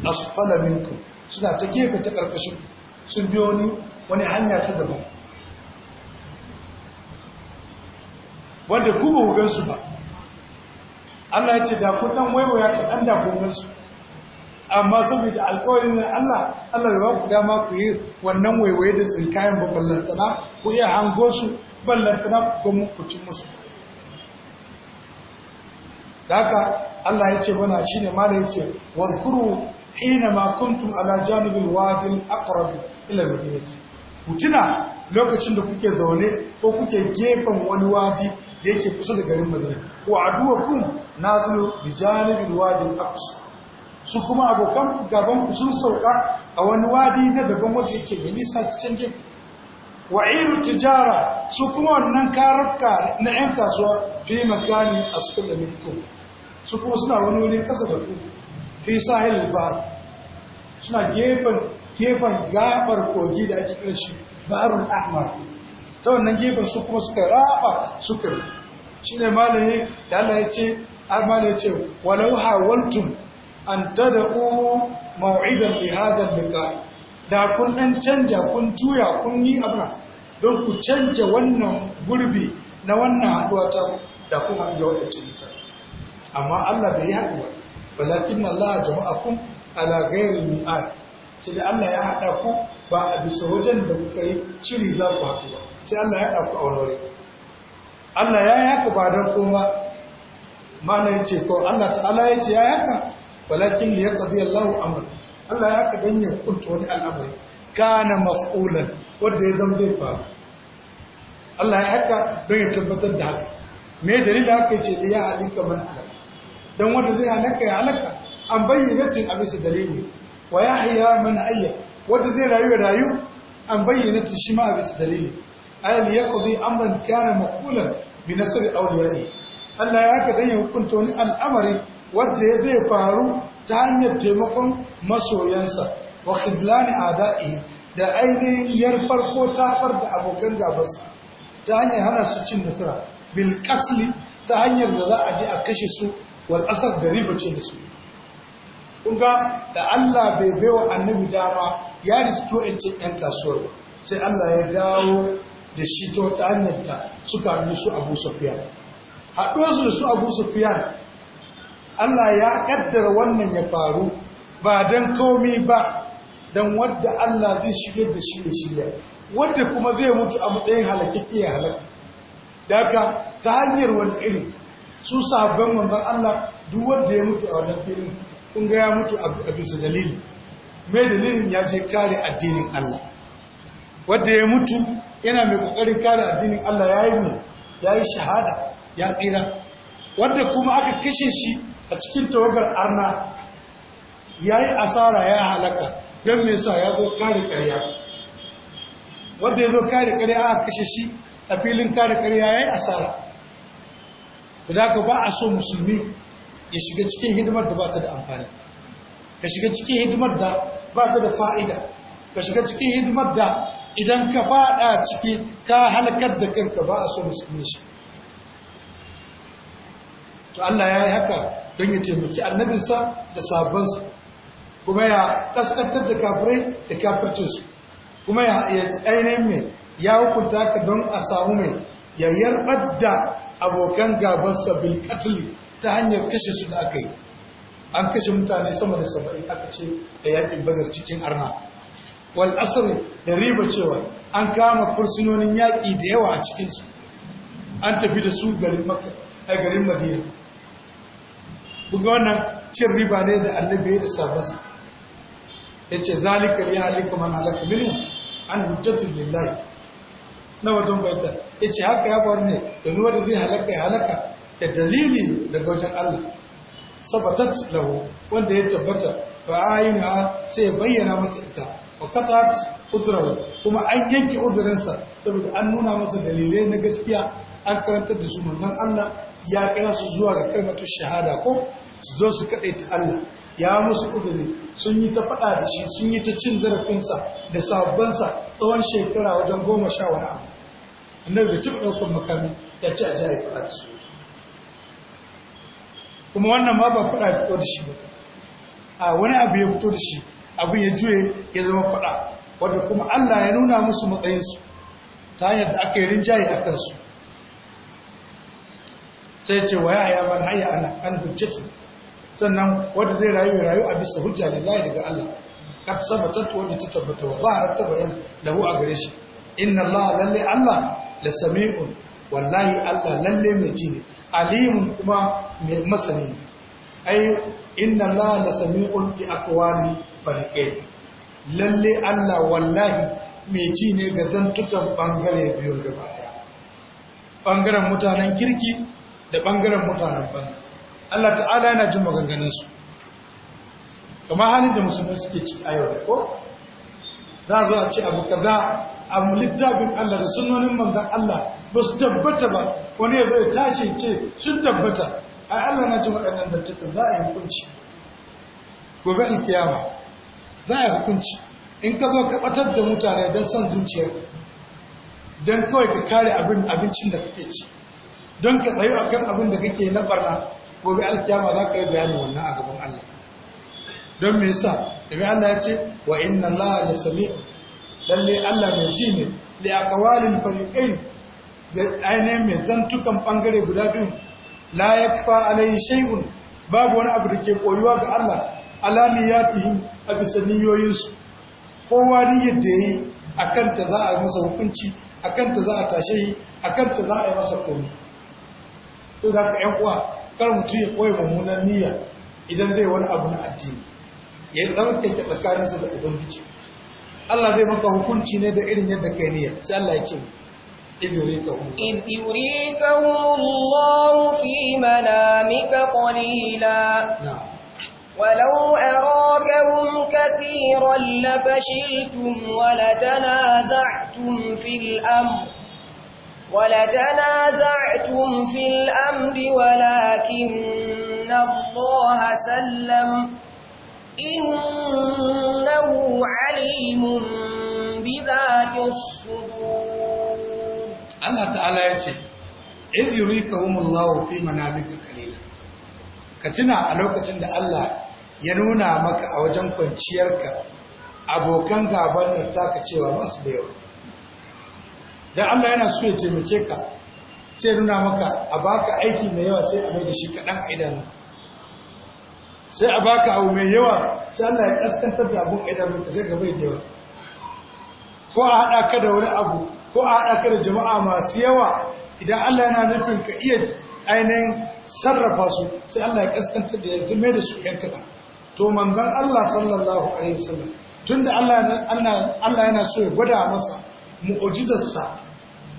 a su falaminku suna ta gefe ta ƙarƙashin sun biyo ni wani hanya ta daban wanda ku ba ba Allah ya ce da kun waiwaya kaɗan da kun amma saboda alƙawarin Allah Allah ya ku dama ku yi wannan waiwaye da tsinkayen ba ballantana ku iya hango su ballantana ku ku cin musu daga Allah ya ce mana shine mala ya ce wadhkuru hina ma kuntum ala janibil wadi aqrab ila al Ku tuna lokacin da kuke zaune ko kuke gefen wani waji da yake kusa da garin Madina wa aduwakum nazilu bi janibil wadi aqsa su kuma abokan gaban ku sun sauka a wani wadi na daban wadda yake mai nisa cikin gefe tijara su kuma wannan karabka na 'yan kasuwa fi makani a sukun da miko su kuma suna wani wuri kasa da ku fi sahil ba suna gefen gefen gabar kogi da ake kiran shi barun ahmar ta wannan gefen su kuma suka raba suka shi ne malaye da Allah ya ce ce walau hawaltun an tada'u mau'idan li hadha liqa'i da kun ɗan canja kun juya kun yi abuwa don ku canja wannan gurbi na wannan haɗuwa ta da kun haɗu wa cinta amma Allah bai yi haduwa la'a Allah kun ala ghairi mi'ad ce da Allah ya haɗa ku ba a bisa wajen da kuka yi ciri za ku haɗu ba sai Allah ya haɗa ku a wani Allah ya yi ba don koma mana ya ce ko Allah ta'ala ya ce ya yaka walakin li yaqdi Allahu amran Allah ya ka danya kunta wani al'amari kana maf'ulan wanda ya zama zai faru Allah ya haka don ya tabbatar da haka me da haka ce da ya halika man halaka dan wanda zai halaka ya halaka an bayyana tin a bisa dalili wa ya yahya man ayya wanda zai rayu rayu an bayyana tin shi ma a bisa dalili ay li yaqdi amran kana maf'ulan bi nasri awliyaihi Allah ya ka danya kunta hukunta wani al'amari wadda zai faru ta hanyar taimakon masoyansa wa a ada'i da ainihin farko ta far da abokan gabansa ta hanyar hana su cin nasara bil ta hanyar da za a je a kashe su wal asar da riba ce da su kun da Allah bai wa annabi dama ya riski wa'ancin ɗan kasuwar ba sai Allah ya dawo da shi ta wata hanyar da suka hannu su abu sufiyan su da su abu sufiyan Allah ya kaddara wannan ya faru ba don komi ba don wadda Allah zai shigar da shi da shirya wadda kuma zai mutu a matsayin halakaki ya halaka daga ta hanyar wani iri su sabon manzan Allah duk wadda ya mutu a wannan iri kun ga ya mutu a bisa dalili mai dalilin ya je kare addinin Allah Wadda ya mutu yana mai kokarin kare addinin Allah ya ne shahada ya tsira Wadda kuma aka kashe shi a cikin tawagar arna ya yi asara ya halaka don me sa ya zo kare karya wanda ya zo kare karya aka kashe shi a filin kare karya ya yi asara da ka ba a so musulmi ya shiga cikin hidimar da ba ta da amfani ka shiga cikin hidimar da ba ta da fa'ida ka shiga cikin hidimar da idan ka faɗa ciki ka halakar da kanka ba a so musulmi shi to Allah ya yi haka don ya taimaki annabinsa da sabonsa kuma ya ƙasƙantar da kafirai da kafircinsu kuma ya ainihin mai ya hukunta ka don a samu mai ya yarbar da abokan gabansa bil katuli ta hanyar kashe su da aka yi an kashe mutane sama da saba'i aka ce da yaƙin bazar cikin arna wal da riba cewa an kama fursunonin yaƙi da yawa a cikinsu an tafi da su garin madina kun wannan cin riba ne da annabi ya saba ya ce zalika li halika man halaka minhu an hujjatu lillahi na wajen bayyana ce haka ya faru ne da ruwa da zai halaka ya halaka da dalili daga wajen Allah sabatat lahu wanda ya tabbata fa ayyuna sai bayyana mata ita wa qatat udrahu kuma an yanke uzurinsa saboda an nuna masa dalilai na gaskiya an karantar da su manzon Allah ya kira su zuwa ga kalmatu shahada ko su zo su kaɗai ta Allah ya musu ƙudurin sun yi ta faɗa da shi sun yi ta cin zarafinsa da sahabbansa tsawon shekara wajen goma sha wani abu annabi da cikin ɗaukar makami ya ce a ji faɗa da su kuma wannan ma ba faɗa fito da shi ba a wani abu ya fito da shi abin ya juye ya zama faɗa wadda kuma Allah ya nuna musu matsayinsu ta hanyar da aka yi rinjaye a kansu sai ce wa ya haya haya ana an hujjatu sannan wanda zai rayu rayu a bisa hujja lillahi daga Allah kad sabatat wanda ta tabbata wa ba ta bayan lahu a gare shi inna Allah lalle Allah la sami'un wallahi Allah lalle mai ji ne alimun kuma mai masani ai inna Allah la sami'un bi aqwali fariqain lalle Allah wallahi mai ji ne ga zantukan bangare biyu gaba daya bangaren mutanen kirki da bangaren mutanen banga. Allah ta'ala yana jin maganganunsu kamar halin da musulmi suke ci a yau da ko za a zo a ce abu kaza a littafin Allah da sunonin manzan Allah ba su tabbata ba wani ya zai tashi ce sun tabbata a Allah na ji waɗannan dattata za a yi hukunci gobe in kiyama za a yi hukunci in ka zo ka ɓatar da mutane don son zuciyar don kawai ka kare abincin da kake ci don ka tsayo a kan abin da kake na barna gobe alkiyama za ka yi bayanin wannan a gaban Allah don me sa ibi Allah ya ce wa inna Allah ya sami lalle Allah mai ji ne ya kawalin fariƙai da ainihin mai zantukan bangare guda biyu la ya kafa alayhi shay'un babu wani abu da ke koyuwa ga Allah alaniyatihim a bisa niyoyinsu kowa niyyar da yi akan ta za a masa hukunci akan ta za a tashe yi akan ta za a yi masa komi to da ka yan uwa kar mutum ya koyi mummunan niyya idan zai wani abu na addini ya yi tsarkake tsakaninsa da ubangiji Allah zai maka hukunci ne da irin yadda kai niyya sai Allah ya ce إذ يريكهم إذ يريكهم الله في منامك قليلا نعم ولو أراكهم كثيرا لفشلتم ولتنازعتم في الأمر ولتنازعتم في الأمر ولكن الله سلم إنه عليم بذات الصدور الله تعالى يتي إذ يريكهم الله في منامك قليلا كتنا على وقت الله ينونا مك أوجنك وانشيرك abokan gaban nan taka cewa masu da yawa da Allah yana so ya taimake ka sai nuna maka a baka aiki mai yawa sai a mai da shi kaɗan a idanunka sai a baka abu mai yawa sai Allah ya ƙasƙantar da abun idanunka sai ka bai da yawa ko a haɗa ka da wani abu ko a haɗa ka da jama'a masu yawa idan Allah yana nufin ka iya ainihin sarrafa su sai Allah ya kaskantar da ya mai da su ‘yan kaɗan to manzon Allah sallallahu alaihi wasallam tunda Allah yana so ya gwada masa mu'ujizarsa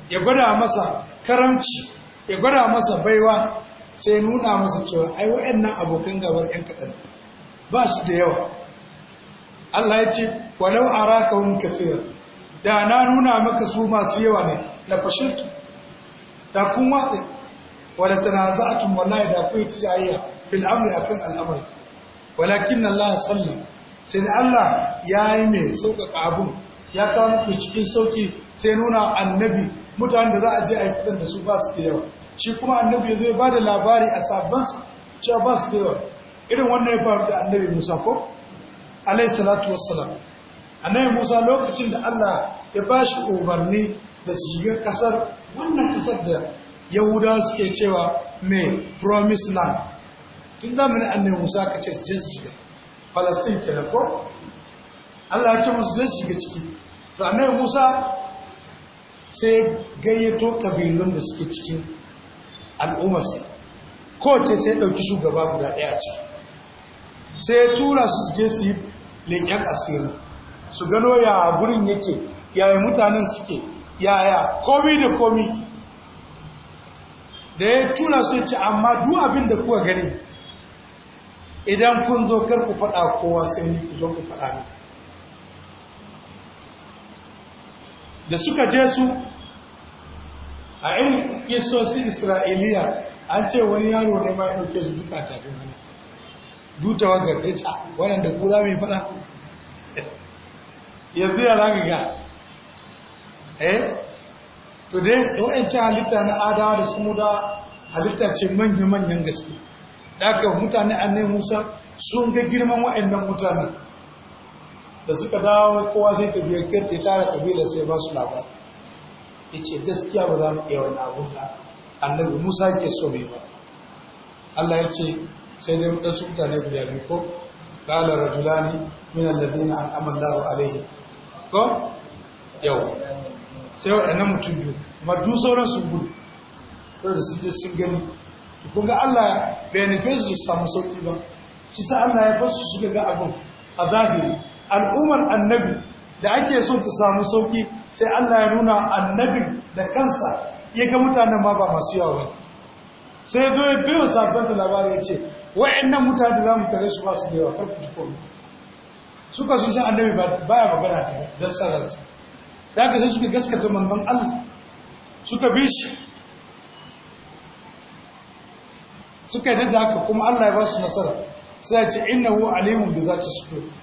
ya gwada masa karamci ya gwada masa baiwa sai nuna masa cewa ai wa'annan abokan gabar ‘yan kaɗan ba su da yawa Allah ya ce walau a raka wani da na nuna maka su masu yawa ne na fashirtu da kun watsa wadda tana za'atun wallahi da kuwa ta jayayya fil amri a kan al'amari walakin na Allah sallam sai da Allah ya yi mai sauƙaƙa abu ya kawo muku cikin sauƙi sai nuna annabi mutanen da za a je a yi fitar da su ba su da yawa shi kuma annabi ya zai ba da labari a sabansa cewa ba su da yawa irin wannan ya faru da annabi musa ko alai salatu wassalam annabi musa lokacin da allah ya ba shi umarni da su shiga kasar wannan kasar da yahuda suke cewa mai promise land tun zamanin annabi musa ka ce su je su shiga palestine kenan ko allah ya ce musu zai shiga ciki to annabi musa sai gayyato ƙabilun da suke cikin al'ummarsa kowace sai ɗauki shugaba guda ɗaya a ciki sai ya tura su je su yi leƙen asiri su gano ya gurin yake yaya mutanen suke yaya komi da komi da ya tura su ce amma duk abin da kuka gani idan kun zo kar ku faɗa kowa sai ni ku zo ku faɗa ni da suka je su a irin kisosin isra'iliya an ce wani yaro ne ma ya su duka tafi wani dutawa gargaca waɗanda ku za mu yi faɗa [laughs] yanzu ya zagaga eh to dai yawancin halitta na adawa da muda halitta ce manya-manyan gaske da aka mutane annai musa sun ga girman wa'annan mutane. da suka dawo kowa sai tafiya kirki tara kabilar sai ba su labar ya ce gaskiya ba za mu iya wani abu da annabi musa ke so mai ba allah ya ce sai dai waɗansu mutane guda biyu ko ƙalar rajulani min alladina an amallahu alaihi ko yau sai waɗannan mutum biyu kuma duk sauran su gudu ko da su je sun gani kun ga allah ya benefit su samu sauƙi ba shi sa allah ya bar su suka ga abin a zahiri al'ummar annabi da ake so ta samu sauki sai Allah ya nuna annabi da kansa ya ga mutanen ma ba masu yawa sai zo ya biyo sabon da labari ya ce wa'annan mutane za mu tare su ba su da yawa karku ci komai suka sun san annabi ba ya magana tare don sararsa da aka sai suka gaskata manzon Allah suka bi shi suka yi da haka kuma Allah ya ba su nasara sai ya ce innahu alimun bi zati sudur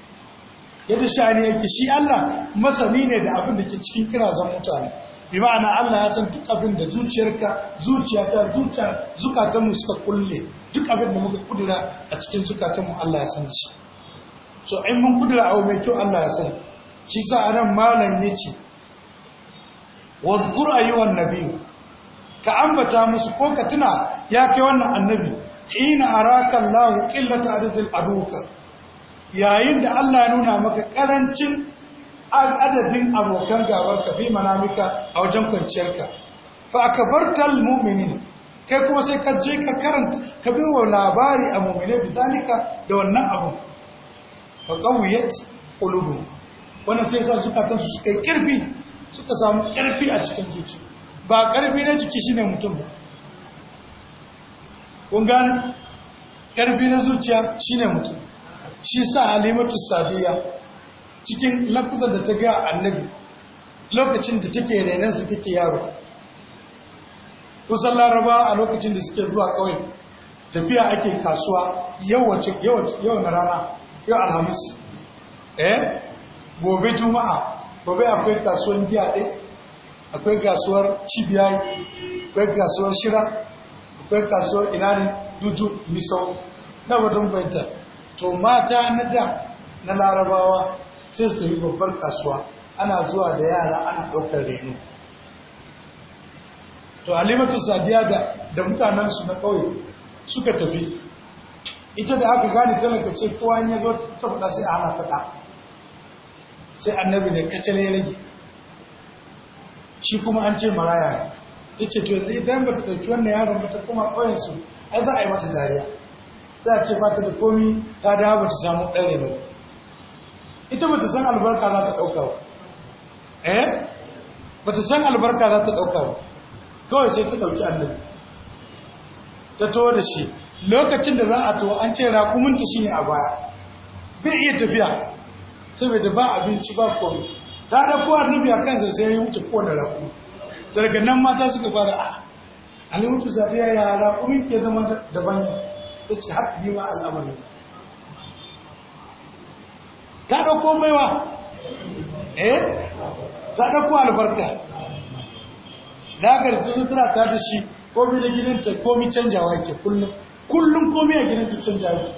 yadda shani yake shi Allah masani ne da abin da ke cikin kirazan mutane bi ma'ana Allah ya san duk abin da zuciyarka zuciyarka zuciya zukatan mu suka kulle duk abin da muka kudura a cikin zukatan mu Allah ya san shi so in mun kudura a mai kyau Allah ya san shi sa anan malam yace wadhkur ayyuhan nabiy ka ambata musu ko ka tuna ya kai wannan annabi hina araka Allah qillata adadil aduka yayin da Allah ya nuna maka karancin adadin abokan gabarka fi manamika a wajen kwanciyarka fa akbartal mu'minin kai kuma sai ka je ka karanta ka bi wa labari a mu'mine zalika da wannan abu fa qawiyat qulubu wannan sai sa suka su suka kirfi suka samu kirfi a cikin zuci ba karfi na jiki shine mutum ba kun gane karfi na zuciya shine mutum shi sa halimatu Sadiya cikin lafizar da ta ga annabi lokacin da take su take yaro kusan laraba a lokacin da suke zuwa ƙauye tafiya ake kasuwa yau yawan rana yau alhamis eh gobe juma'a gobe akwai kasuwan giya ɗai akwai kasuwar cibiyayi akwai kasuwar shira akwai kasuwar inani duju misau na wajen bayanta to mata na da na larabawa sai su tafi babbar kasuwa ana zuwa da yara ana ɗaukar reno to alimatu sadiya da da su na ƙauye suka tafi ita da aka tana ka ce kowa ya zo ta faɗa sai a hana faɗa sai annabi ne kacal ya rage shi kuma an ce maraya ne ta ce to yanzu idan ba ta ɗauki wannan yaron ba ta koma ƙauyensu ai za a yi mata dariya za a ce ba ta da komi ta dawo ba ta samu ɗare ba ita ba ta san albarka za ta ɗauka ba eh ba ta san albarka za ta ɗauka ba kawai sai ta ɗauki annabi ta to da shi lokacin da za a to an ce rakumunta shi ne a baya bai iya tafiya saboda ba abinci ba komi ta ɗauko annabi a kansa sai ya wuce kowane ta daga nan mata suka fara a ah, alimutu zafiya ya rakumi ke zama daban ya ce haka biyu ma al'amari ta ɗauko maiwa eh Da ɗauko albarka da garci sutura ta da shi komi da gidanta komi canja wake kullum kullum komi a gidanta canja wake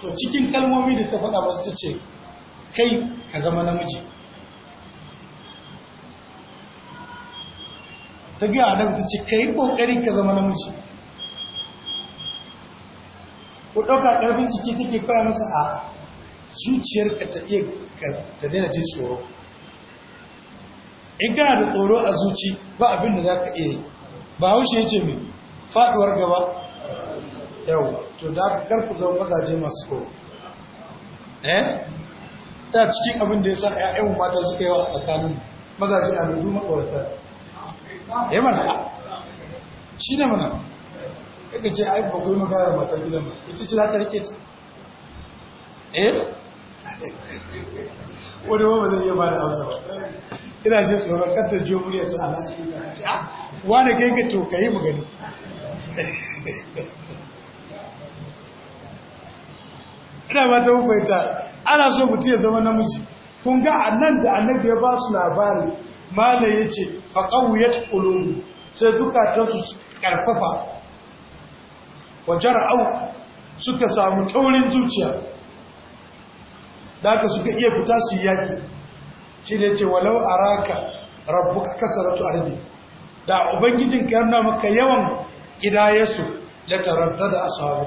to cikin kalmomi da ta faɗa ba ta ce kai ka zama namiji ta gaya nan ta ce kai yi ƙoƙari ka zama namiji ku ɗauka ƙarfin ciki take kwaya masa a zuciyarka ta iya ta daina jin tsoro in kana da tsoro a zuci ba abin da za ka iya yi ba haushe ya ce mai faduwar gaba yau to da aka karku zama mazaje masu tsoro eh ta cikin abin da ya sa ‘ya'yan mata suka yawa wa tsakanin mazaje a rudu makwarta ya eh mana shi ne mana ƙaƙace aiki bakwai magana matar gidan ba ita ce za ta rike ta eh wani ba zai iya ba da hausa ba ina shi tsoron kantar jomuriyar su nasu su da ce ah wani kai ka to ka yi mu gani ina ba ta ta ana so mutu ya zama namiji kun ga annan da annabi ya ba su labari mala ya ce faƙawuyat ƙulumi sai su ƙarfafa wajen au suka samu taurin zuciya da aka suka iya fita su yaƙi shi ne ce walau a raka kasa kasaratu ardi da ubangijin ka yana maka yawan kidayesu da taranta da asabu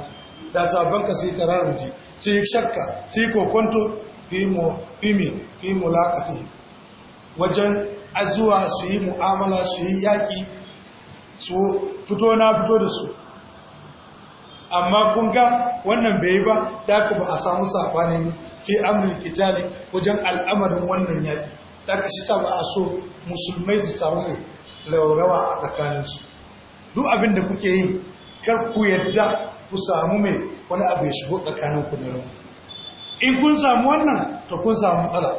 da ka sai tararruji sai yi shakka sai yi kokonto fi mulakati wajen azuwa su yi mu'amala su yi yaƙi su fito na fito da su amma kun ga wannan bai ba da ku ba a samu safanin fi amrul kitali wajen al'amarin wannan yaki da ka shi sa ba a so musulmai su samu laurawa a tsakaninsu duk abin da kuke yi kar ku yadda ku samu mai wani abu ya shigo tsakanin ku da rauni in kun samu wannan to kun samu matsala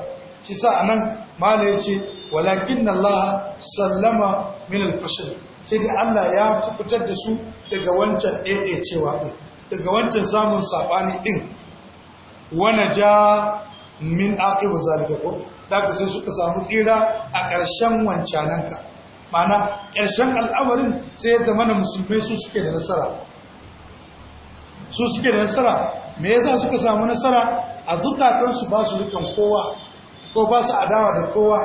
shi sa nan. mala ce walakin Allah sallama min al-fashl sai dai Allah ya kubutar da su daga wancan cewa ɗin daga wancan samun saɓani ɗin wani ja min aƙibu daga ko daga sai suka samu tsira a ƙarshen wancananka mana ƙarshen al'amarin sai yadda mana musulmai su suke da nasara su suke da nasara me yasa suka samu nasara a zukatansu ba su rikan kowa ko ba su adawa da kowa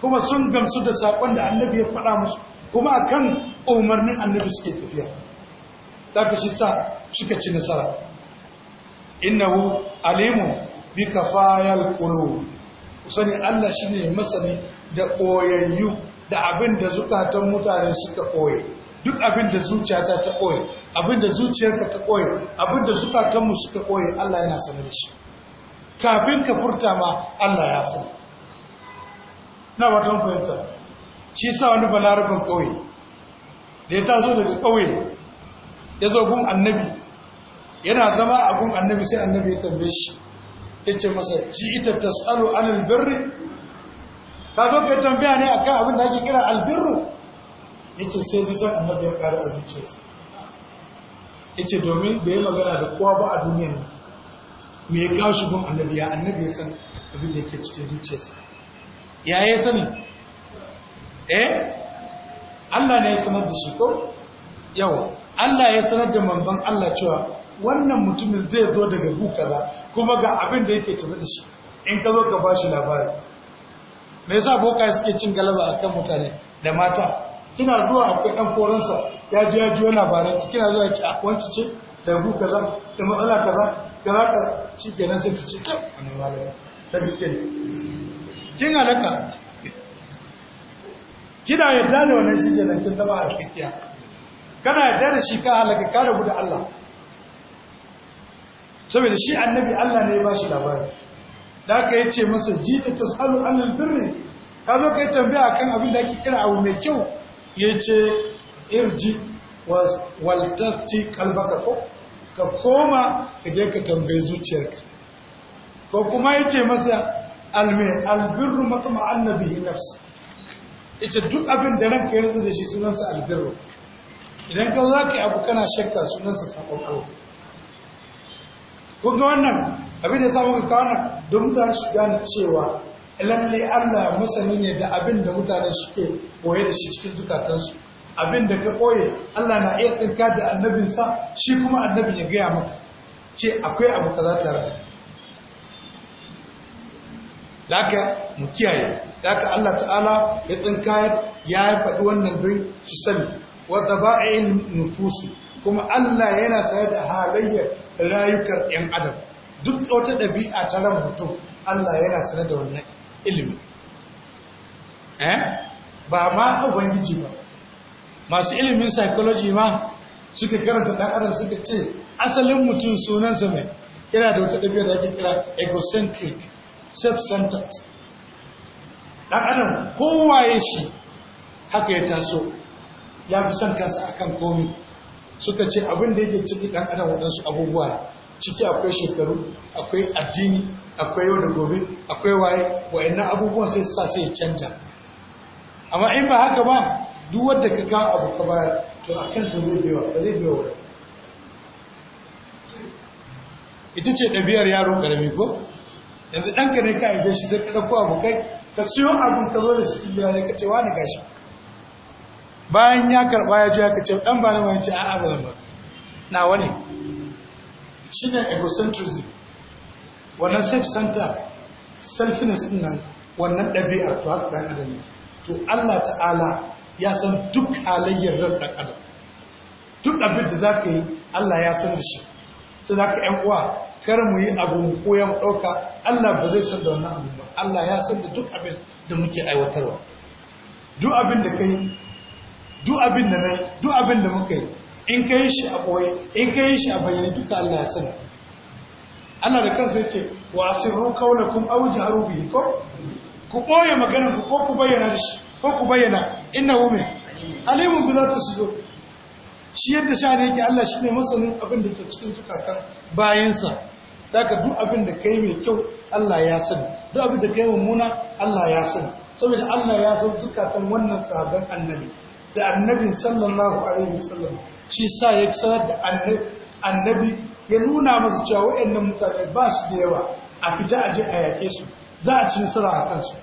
kuma sun gamsu da saƙon da annabi ya faɗa musu kuma akan umarnin annabi suke tafiya ka shi sa suka ci nasara innahu alimu bi kafayal kuro sani Allah shi ne masani da koyayyu da abin da zukatan mutane suka koye duk abin da zuciyata ta koye abin da zuciyarka ta koye abin da zukatanmu suka koye Allah yana sanar shi kafin ka furta ma Allah ya san na watan fahimta shi sa wani balarabin ƙauye da ya taso daga ƙauye ya zo gun annabi yana zama a gun annabi sai annabi ya tambaye shi ya ce masa ji ita tas'alu an albirri ka zo ka tambaya ne a kan abin da ake kira albirru ya ce sai ji san annabi ya ƙara a zuciyarsa ya ce domin bai yi magana da kowa ba a duniyar me ya kawo shi gun annabi ya annabi ya san abin da yake cikin zuciyarsa ya ya sani eh Allah ne ya sanar da shi ko yawa Allah ya sanar da manzon Allah cewa wannan mutumin zai zo daga gu kaza kuma ga abin da yake tafi da shi in ka zo ka shi labari me yasa boka suke cin galaba akan mutane da mata kina zuwa akwai dan koransa ya ji ya ji wani labarin kina zuwa ki a ah, kwanci ce da gu kaza da matsala kaza kaza ka shi kenan sai ki ce kai annabawa da gaskiya kin halaka kina yadda da wannan shi kenan kin zama alkikiya kana yadda da shi ka halaka ka rabu da Allah saboda shi annabi Allah ne ya ba shi labari da aka yi masa jita ta tsalu allal birni ka zo ka yi tambaya akan kan abin da ake kira abu mai kyau ya ce irji waltafti kalbaka ko ka koma ka je ka tambaye zuciyarka ko kuma ya ce masa alme albirru matama annabi nafsi ita duk abin da ranka ya rantsa da shi sunansa albirru idan ka za ka yi abu kana shakka sunansa sakon abu kun ga wannan abin da samun ka kawana don mutane su gane cewa lalle Allah masani ne da abin da mutane suke koye da shi cikin zukatansu abin da ka koye Allah na iya tsinka da annabinsa shi kuma annabin ya gaya maka ce akwai abu kaza tare da ka mu kiyaye aka Allah ta'ala ya tsinkayar ya yi faɗi wannan din su sani wata daba'il nufusi kuma Allah yana sayar da halayyar rayukar yan adam duk wata ɗabi'a ta ran mutum Allah yana sanar da wannan ilimi eh? ba ma ubangiji ba masu ilimin psychology ma suka karanta ɗan adam suka ce asalin mutum sunansa mai yana da wata ɗabi'a da ake kira egocentric self-centered dan adam kowaye shi haka ya taso ya fi son kansa akan komi suka ce abin da yake ciki dan adam waɗansu abubuwa ciki akwai shekaru akwai addini akwai yau da gobe akwai waye wayannan abubuwan sai sa sai canja amma in ba haka ba duk wanda ka ga abu ka bayar to a kansa zai bewa ba zai bewa ita ce ɗabi'ar yaro ƙarami ko yanzu ɗanka ne ka haife shi sai ka ɗauko abu kai ka siyo abin ka zo da shi cikin gida ne ka ce wani gashi bayan ya karba ya ji ka ce dan ba na wani ce a'a ba ba na wani shine egocentrism wannan self center selfness din nan wannan ɗabi'ar to haka dan adam ne to Allah ta'ala ya san duk halayyar ran dan adam duk abin da zaka yi Allah ya san da shi sai zaka yan uwa kar mu yi abu mu koya mu ɗauka Allah ba zai san da wannan abu ba Allah ya san da duk abin da muke aiwatarwa duk abin da kai duk abin da nai duk abin da muka yi in kai shi a ɓoye in kai shi a bayyana, duka Allah ya san Allah da kansa yake wa asirru qawlakum aw jaharu bihi ko ku ɓoye magana ku ko ku bayyana shi ko ku bayyana innahu min alimun bi zati sudur shi yadda ne yake Allah shi ne masanin abin da ke cikin zukatan bayansa daga duk abin da kai mai kyau Allah ya sani duk abin da kai mummuna Allah ya sani saboda Allah ya san zukatan wannan sabon annabi da annabin sallallahu alaihi wasallam shi sa ya sanar da annabi ya nuna masa cewa wayannan mutane ba su da yawa a fita aje a yaƙe su za a ci nasara a kansu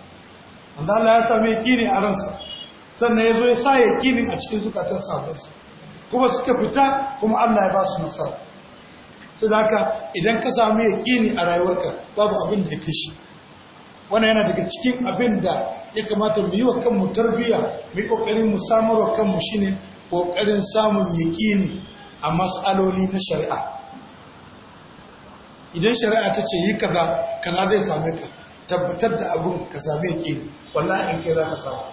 wanda Allah ya sami kini a ransa sannan ya zo ya sa yaƙinin a cikin zukatan sabonsa kuma suka fita kuma Allah ya ba su nasara su da haka idan ka samu kini a rayuwarka babu abin da ya fi shi wannan yana daga cikin abin da ya kamata mu yi wa kanmu tarbiyya mu yi ƙoƙarin mu samar wa kanmu shine ƙoƙarin samun yaƙini a mas'aloli na shari'a idan shari'a ta ce yi kaza kaza zai same ka tabbatar da abin ka same kini wallahi in kai za ka samu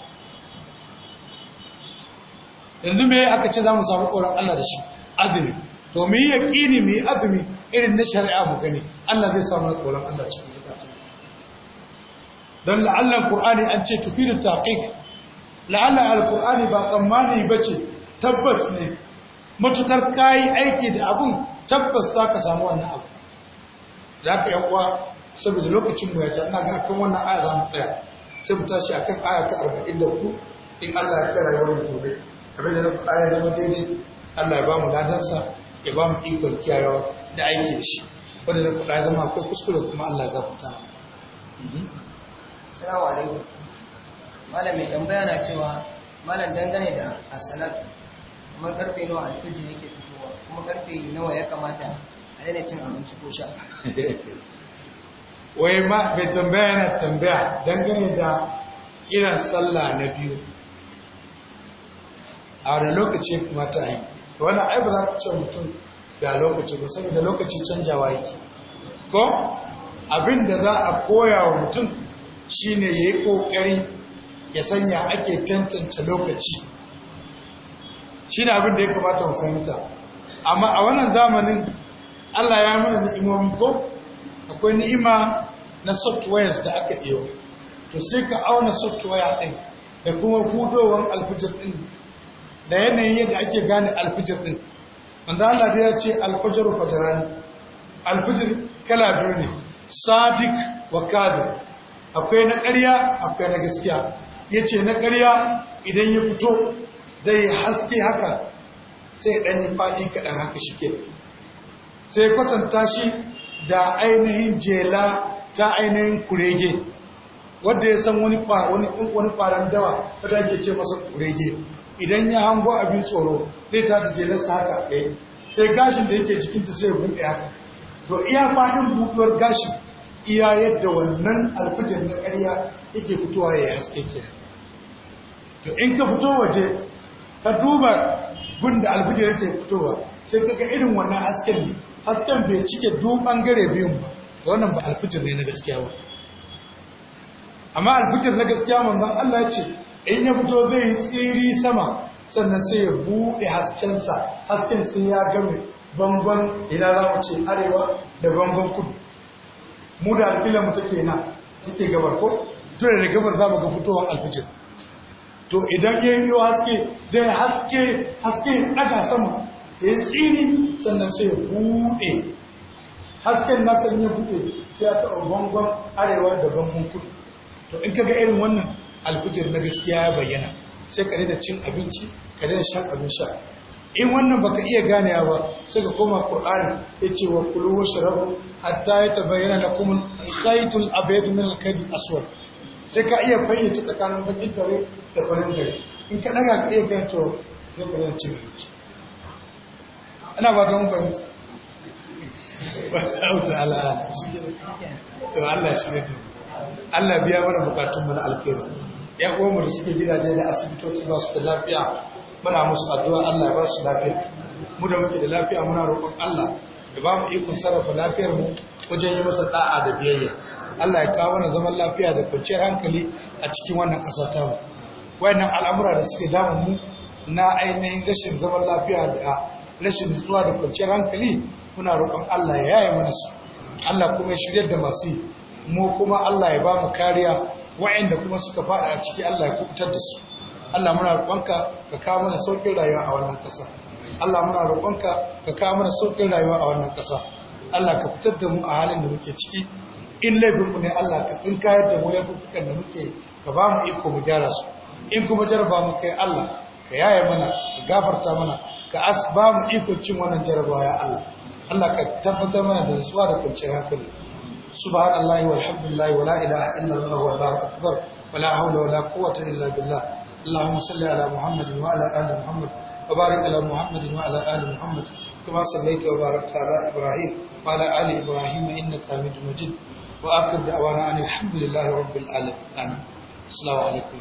yanzu me aka ce za mu samu tsoron Allah da shi azumi to mu yi yaqini mu yi azumi irin na shari'a mu gani Allah zai samu na koran Allah cikin zakatu dan la'allan Kur'ani an ce tufidu taqiq la'allan alqur'ani ba tsammani bace tabbas ne matutar kayi aiki da abun tabbas za ka samu wannan abu da ka yawa saboda lokacin mu ya ta ina ga kan wannan aya za mu tsaya sai mu tashi akan aya ta ku? in Allah ya kira yawan gobe abin da na faɗa ya zama daidai Allah ya ba mu ladansa ya ba mu ikon kiyarawa da aiki da shi wanda da kuɗa gama ko kuskure kuma Allah ga fita mhm. Assalamu alaikum malam mai tambaya na cewa malam dangane da asalatu kamar karfe nawa alfijir yake fitowa kuma karfe nawa ya kamata a daina cin abinci ko sha [laughs] wai ma bai tambaya yana tambaya dangane da irin sallah na biyu a wani lokaci kuma ta yi to wannan ai ba za ka ce mutum da lokaci ba saboda lokaci canjawa yake ko abin da za a koya wa mutum shine ya yi ya sanya ake tantance lokaci shine abin da ya kamata mu fahimta amma a wannan zamanin allah ya mana ni'imomi ko akwai ni'ima na softwares da aka iyo to sai ka auna software ɗin da kuma fudowar alfijir ɗin da yanayin yadda ake gane alfijir ɗin? Wanda Allah ya ce alfijir ne alfijir kala biyu ne Sadik wa kadir akwai na ƙarya akwai na gaskiya Ya ce na ƙarya idan ya fito zai yi haske haka sai ɗan yi faɗi kaɗan haka shi ke. sai kwatanta shi da ainihin jela ta ainihin kurege Wadda ya san wani wani dawa wadda ake ce masa kurege idan ya hango abin tsoro zai ta da jelarsa haka a kai sai gashin da yake cikin ta sai buɗe haka to iya faɗin buɗuwar gashi iya yadda wannan alfitar na ƙarya yake fitowa ya haske ke to in ka fito waje ka duba gun da alfitar yake fitowa sai ka ga irin wannan hasken ne hasken bai cike duk ɓangare biyun ba to wannan ba alfitar ne na gaskiya ba amma alfitar na gaskiya ba Allah ya ce in ya fito zai tsiri sama sannan sai ya buɗe haskensa hasken sai ya game bangon ina za mu ce arewa da bangon kudu mu da mutu take na take gabar ko tunan da gabar za mu ga fitowar alfijin to idan ya yi haske zai haske haske daga sama ya tsiri sannan sai ya buɗe hasken nasan ya buɗe sai ya taɓa bangon arewa da bangon kudu to in ka ga irin wannan alkujir na gaskiya ya bayyana sai ka da cin abinci ka da shan abin sha in wannan baka iya ganewa ba sai ka koma qur'ani yace wa kulu washrabu hatta yatabayyana lakum al-khaytul abyad min al-khayt al-aswad sai ka iya fayyace tsakanin bakin tare da farin gari. in ka daga ka iya to sai ka cin abinci ana ba don fahimta wallahu ta'ala to Allah shi ne Allah biya mana bukatun mana alkhairi yan uwanmu da suke gidaje da asibitoci ba su da lafiya muna musu addu'a Allah ba su lafiya mu da muke da lafiya muna roƙon Allah da ba mu ikon sarrafa lafiyar mu wajen yi masa sa'a da biyayya Allah ya kawo mana zaman lafiya da kwanciyar hankali a cikin wannan ƙasa ta mu wayannan al'amura da suke damun mu na ainihin rashin zaman lafiya da rashin nutsuwa da kwanciyar hankali muna roƙon Allah ya yaye mana su Allah kuma ya shirya da masu mu kuma Allah ya ba mu kariya wa'anda kuma suka fada a ciki Allah ya kubutar da su Allah muna roƙonka ka kawo mana saukin rayuwa a wannan ƙasa Allah muna roƙonka ka kawo mana saukin rayuwa a wannan ƙasa Allah ka fitar da mu a halin da muke ciki in laifinmu ne Allah ka tsinka da mu laifukan da muke ka ba mu iko mu gyara su in kuma jarba mu kai Allah ka yaya mana ka gafarta mana ka as ba mu iko cin wannan jarabawa ya Allah Allah ka tabbatar mana da nutsuwa da kwanciyar hankali subhanallahi walhamdulillahi wala ilaha illallah wallahu akbar wala hawla wala quwwata illa billah اللهم صل على محمد وعلى ال محمد وبارك على محمد وعلى ال محمد كما صليت وباركت على ابراهيم وعلى ال ابراهيم انك حميد مجيد واخر دعوانا ان الحمد لله رب العالمين امين السلام عليكم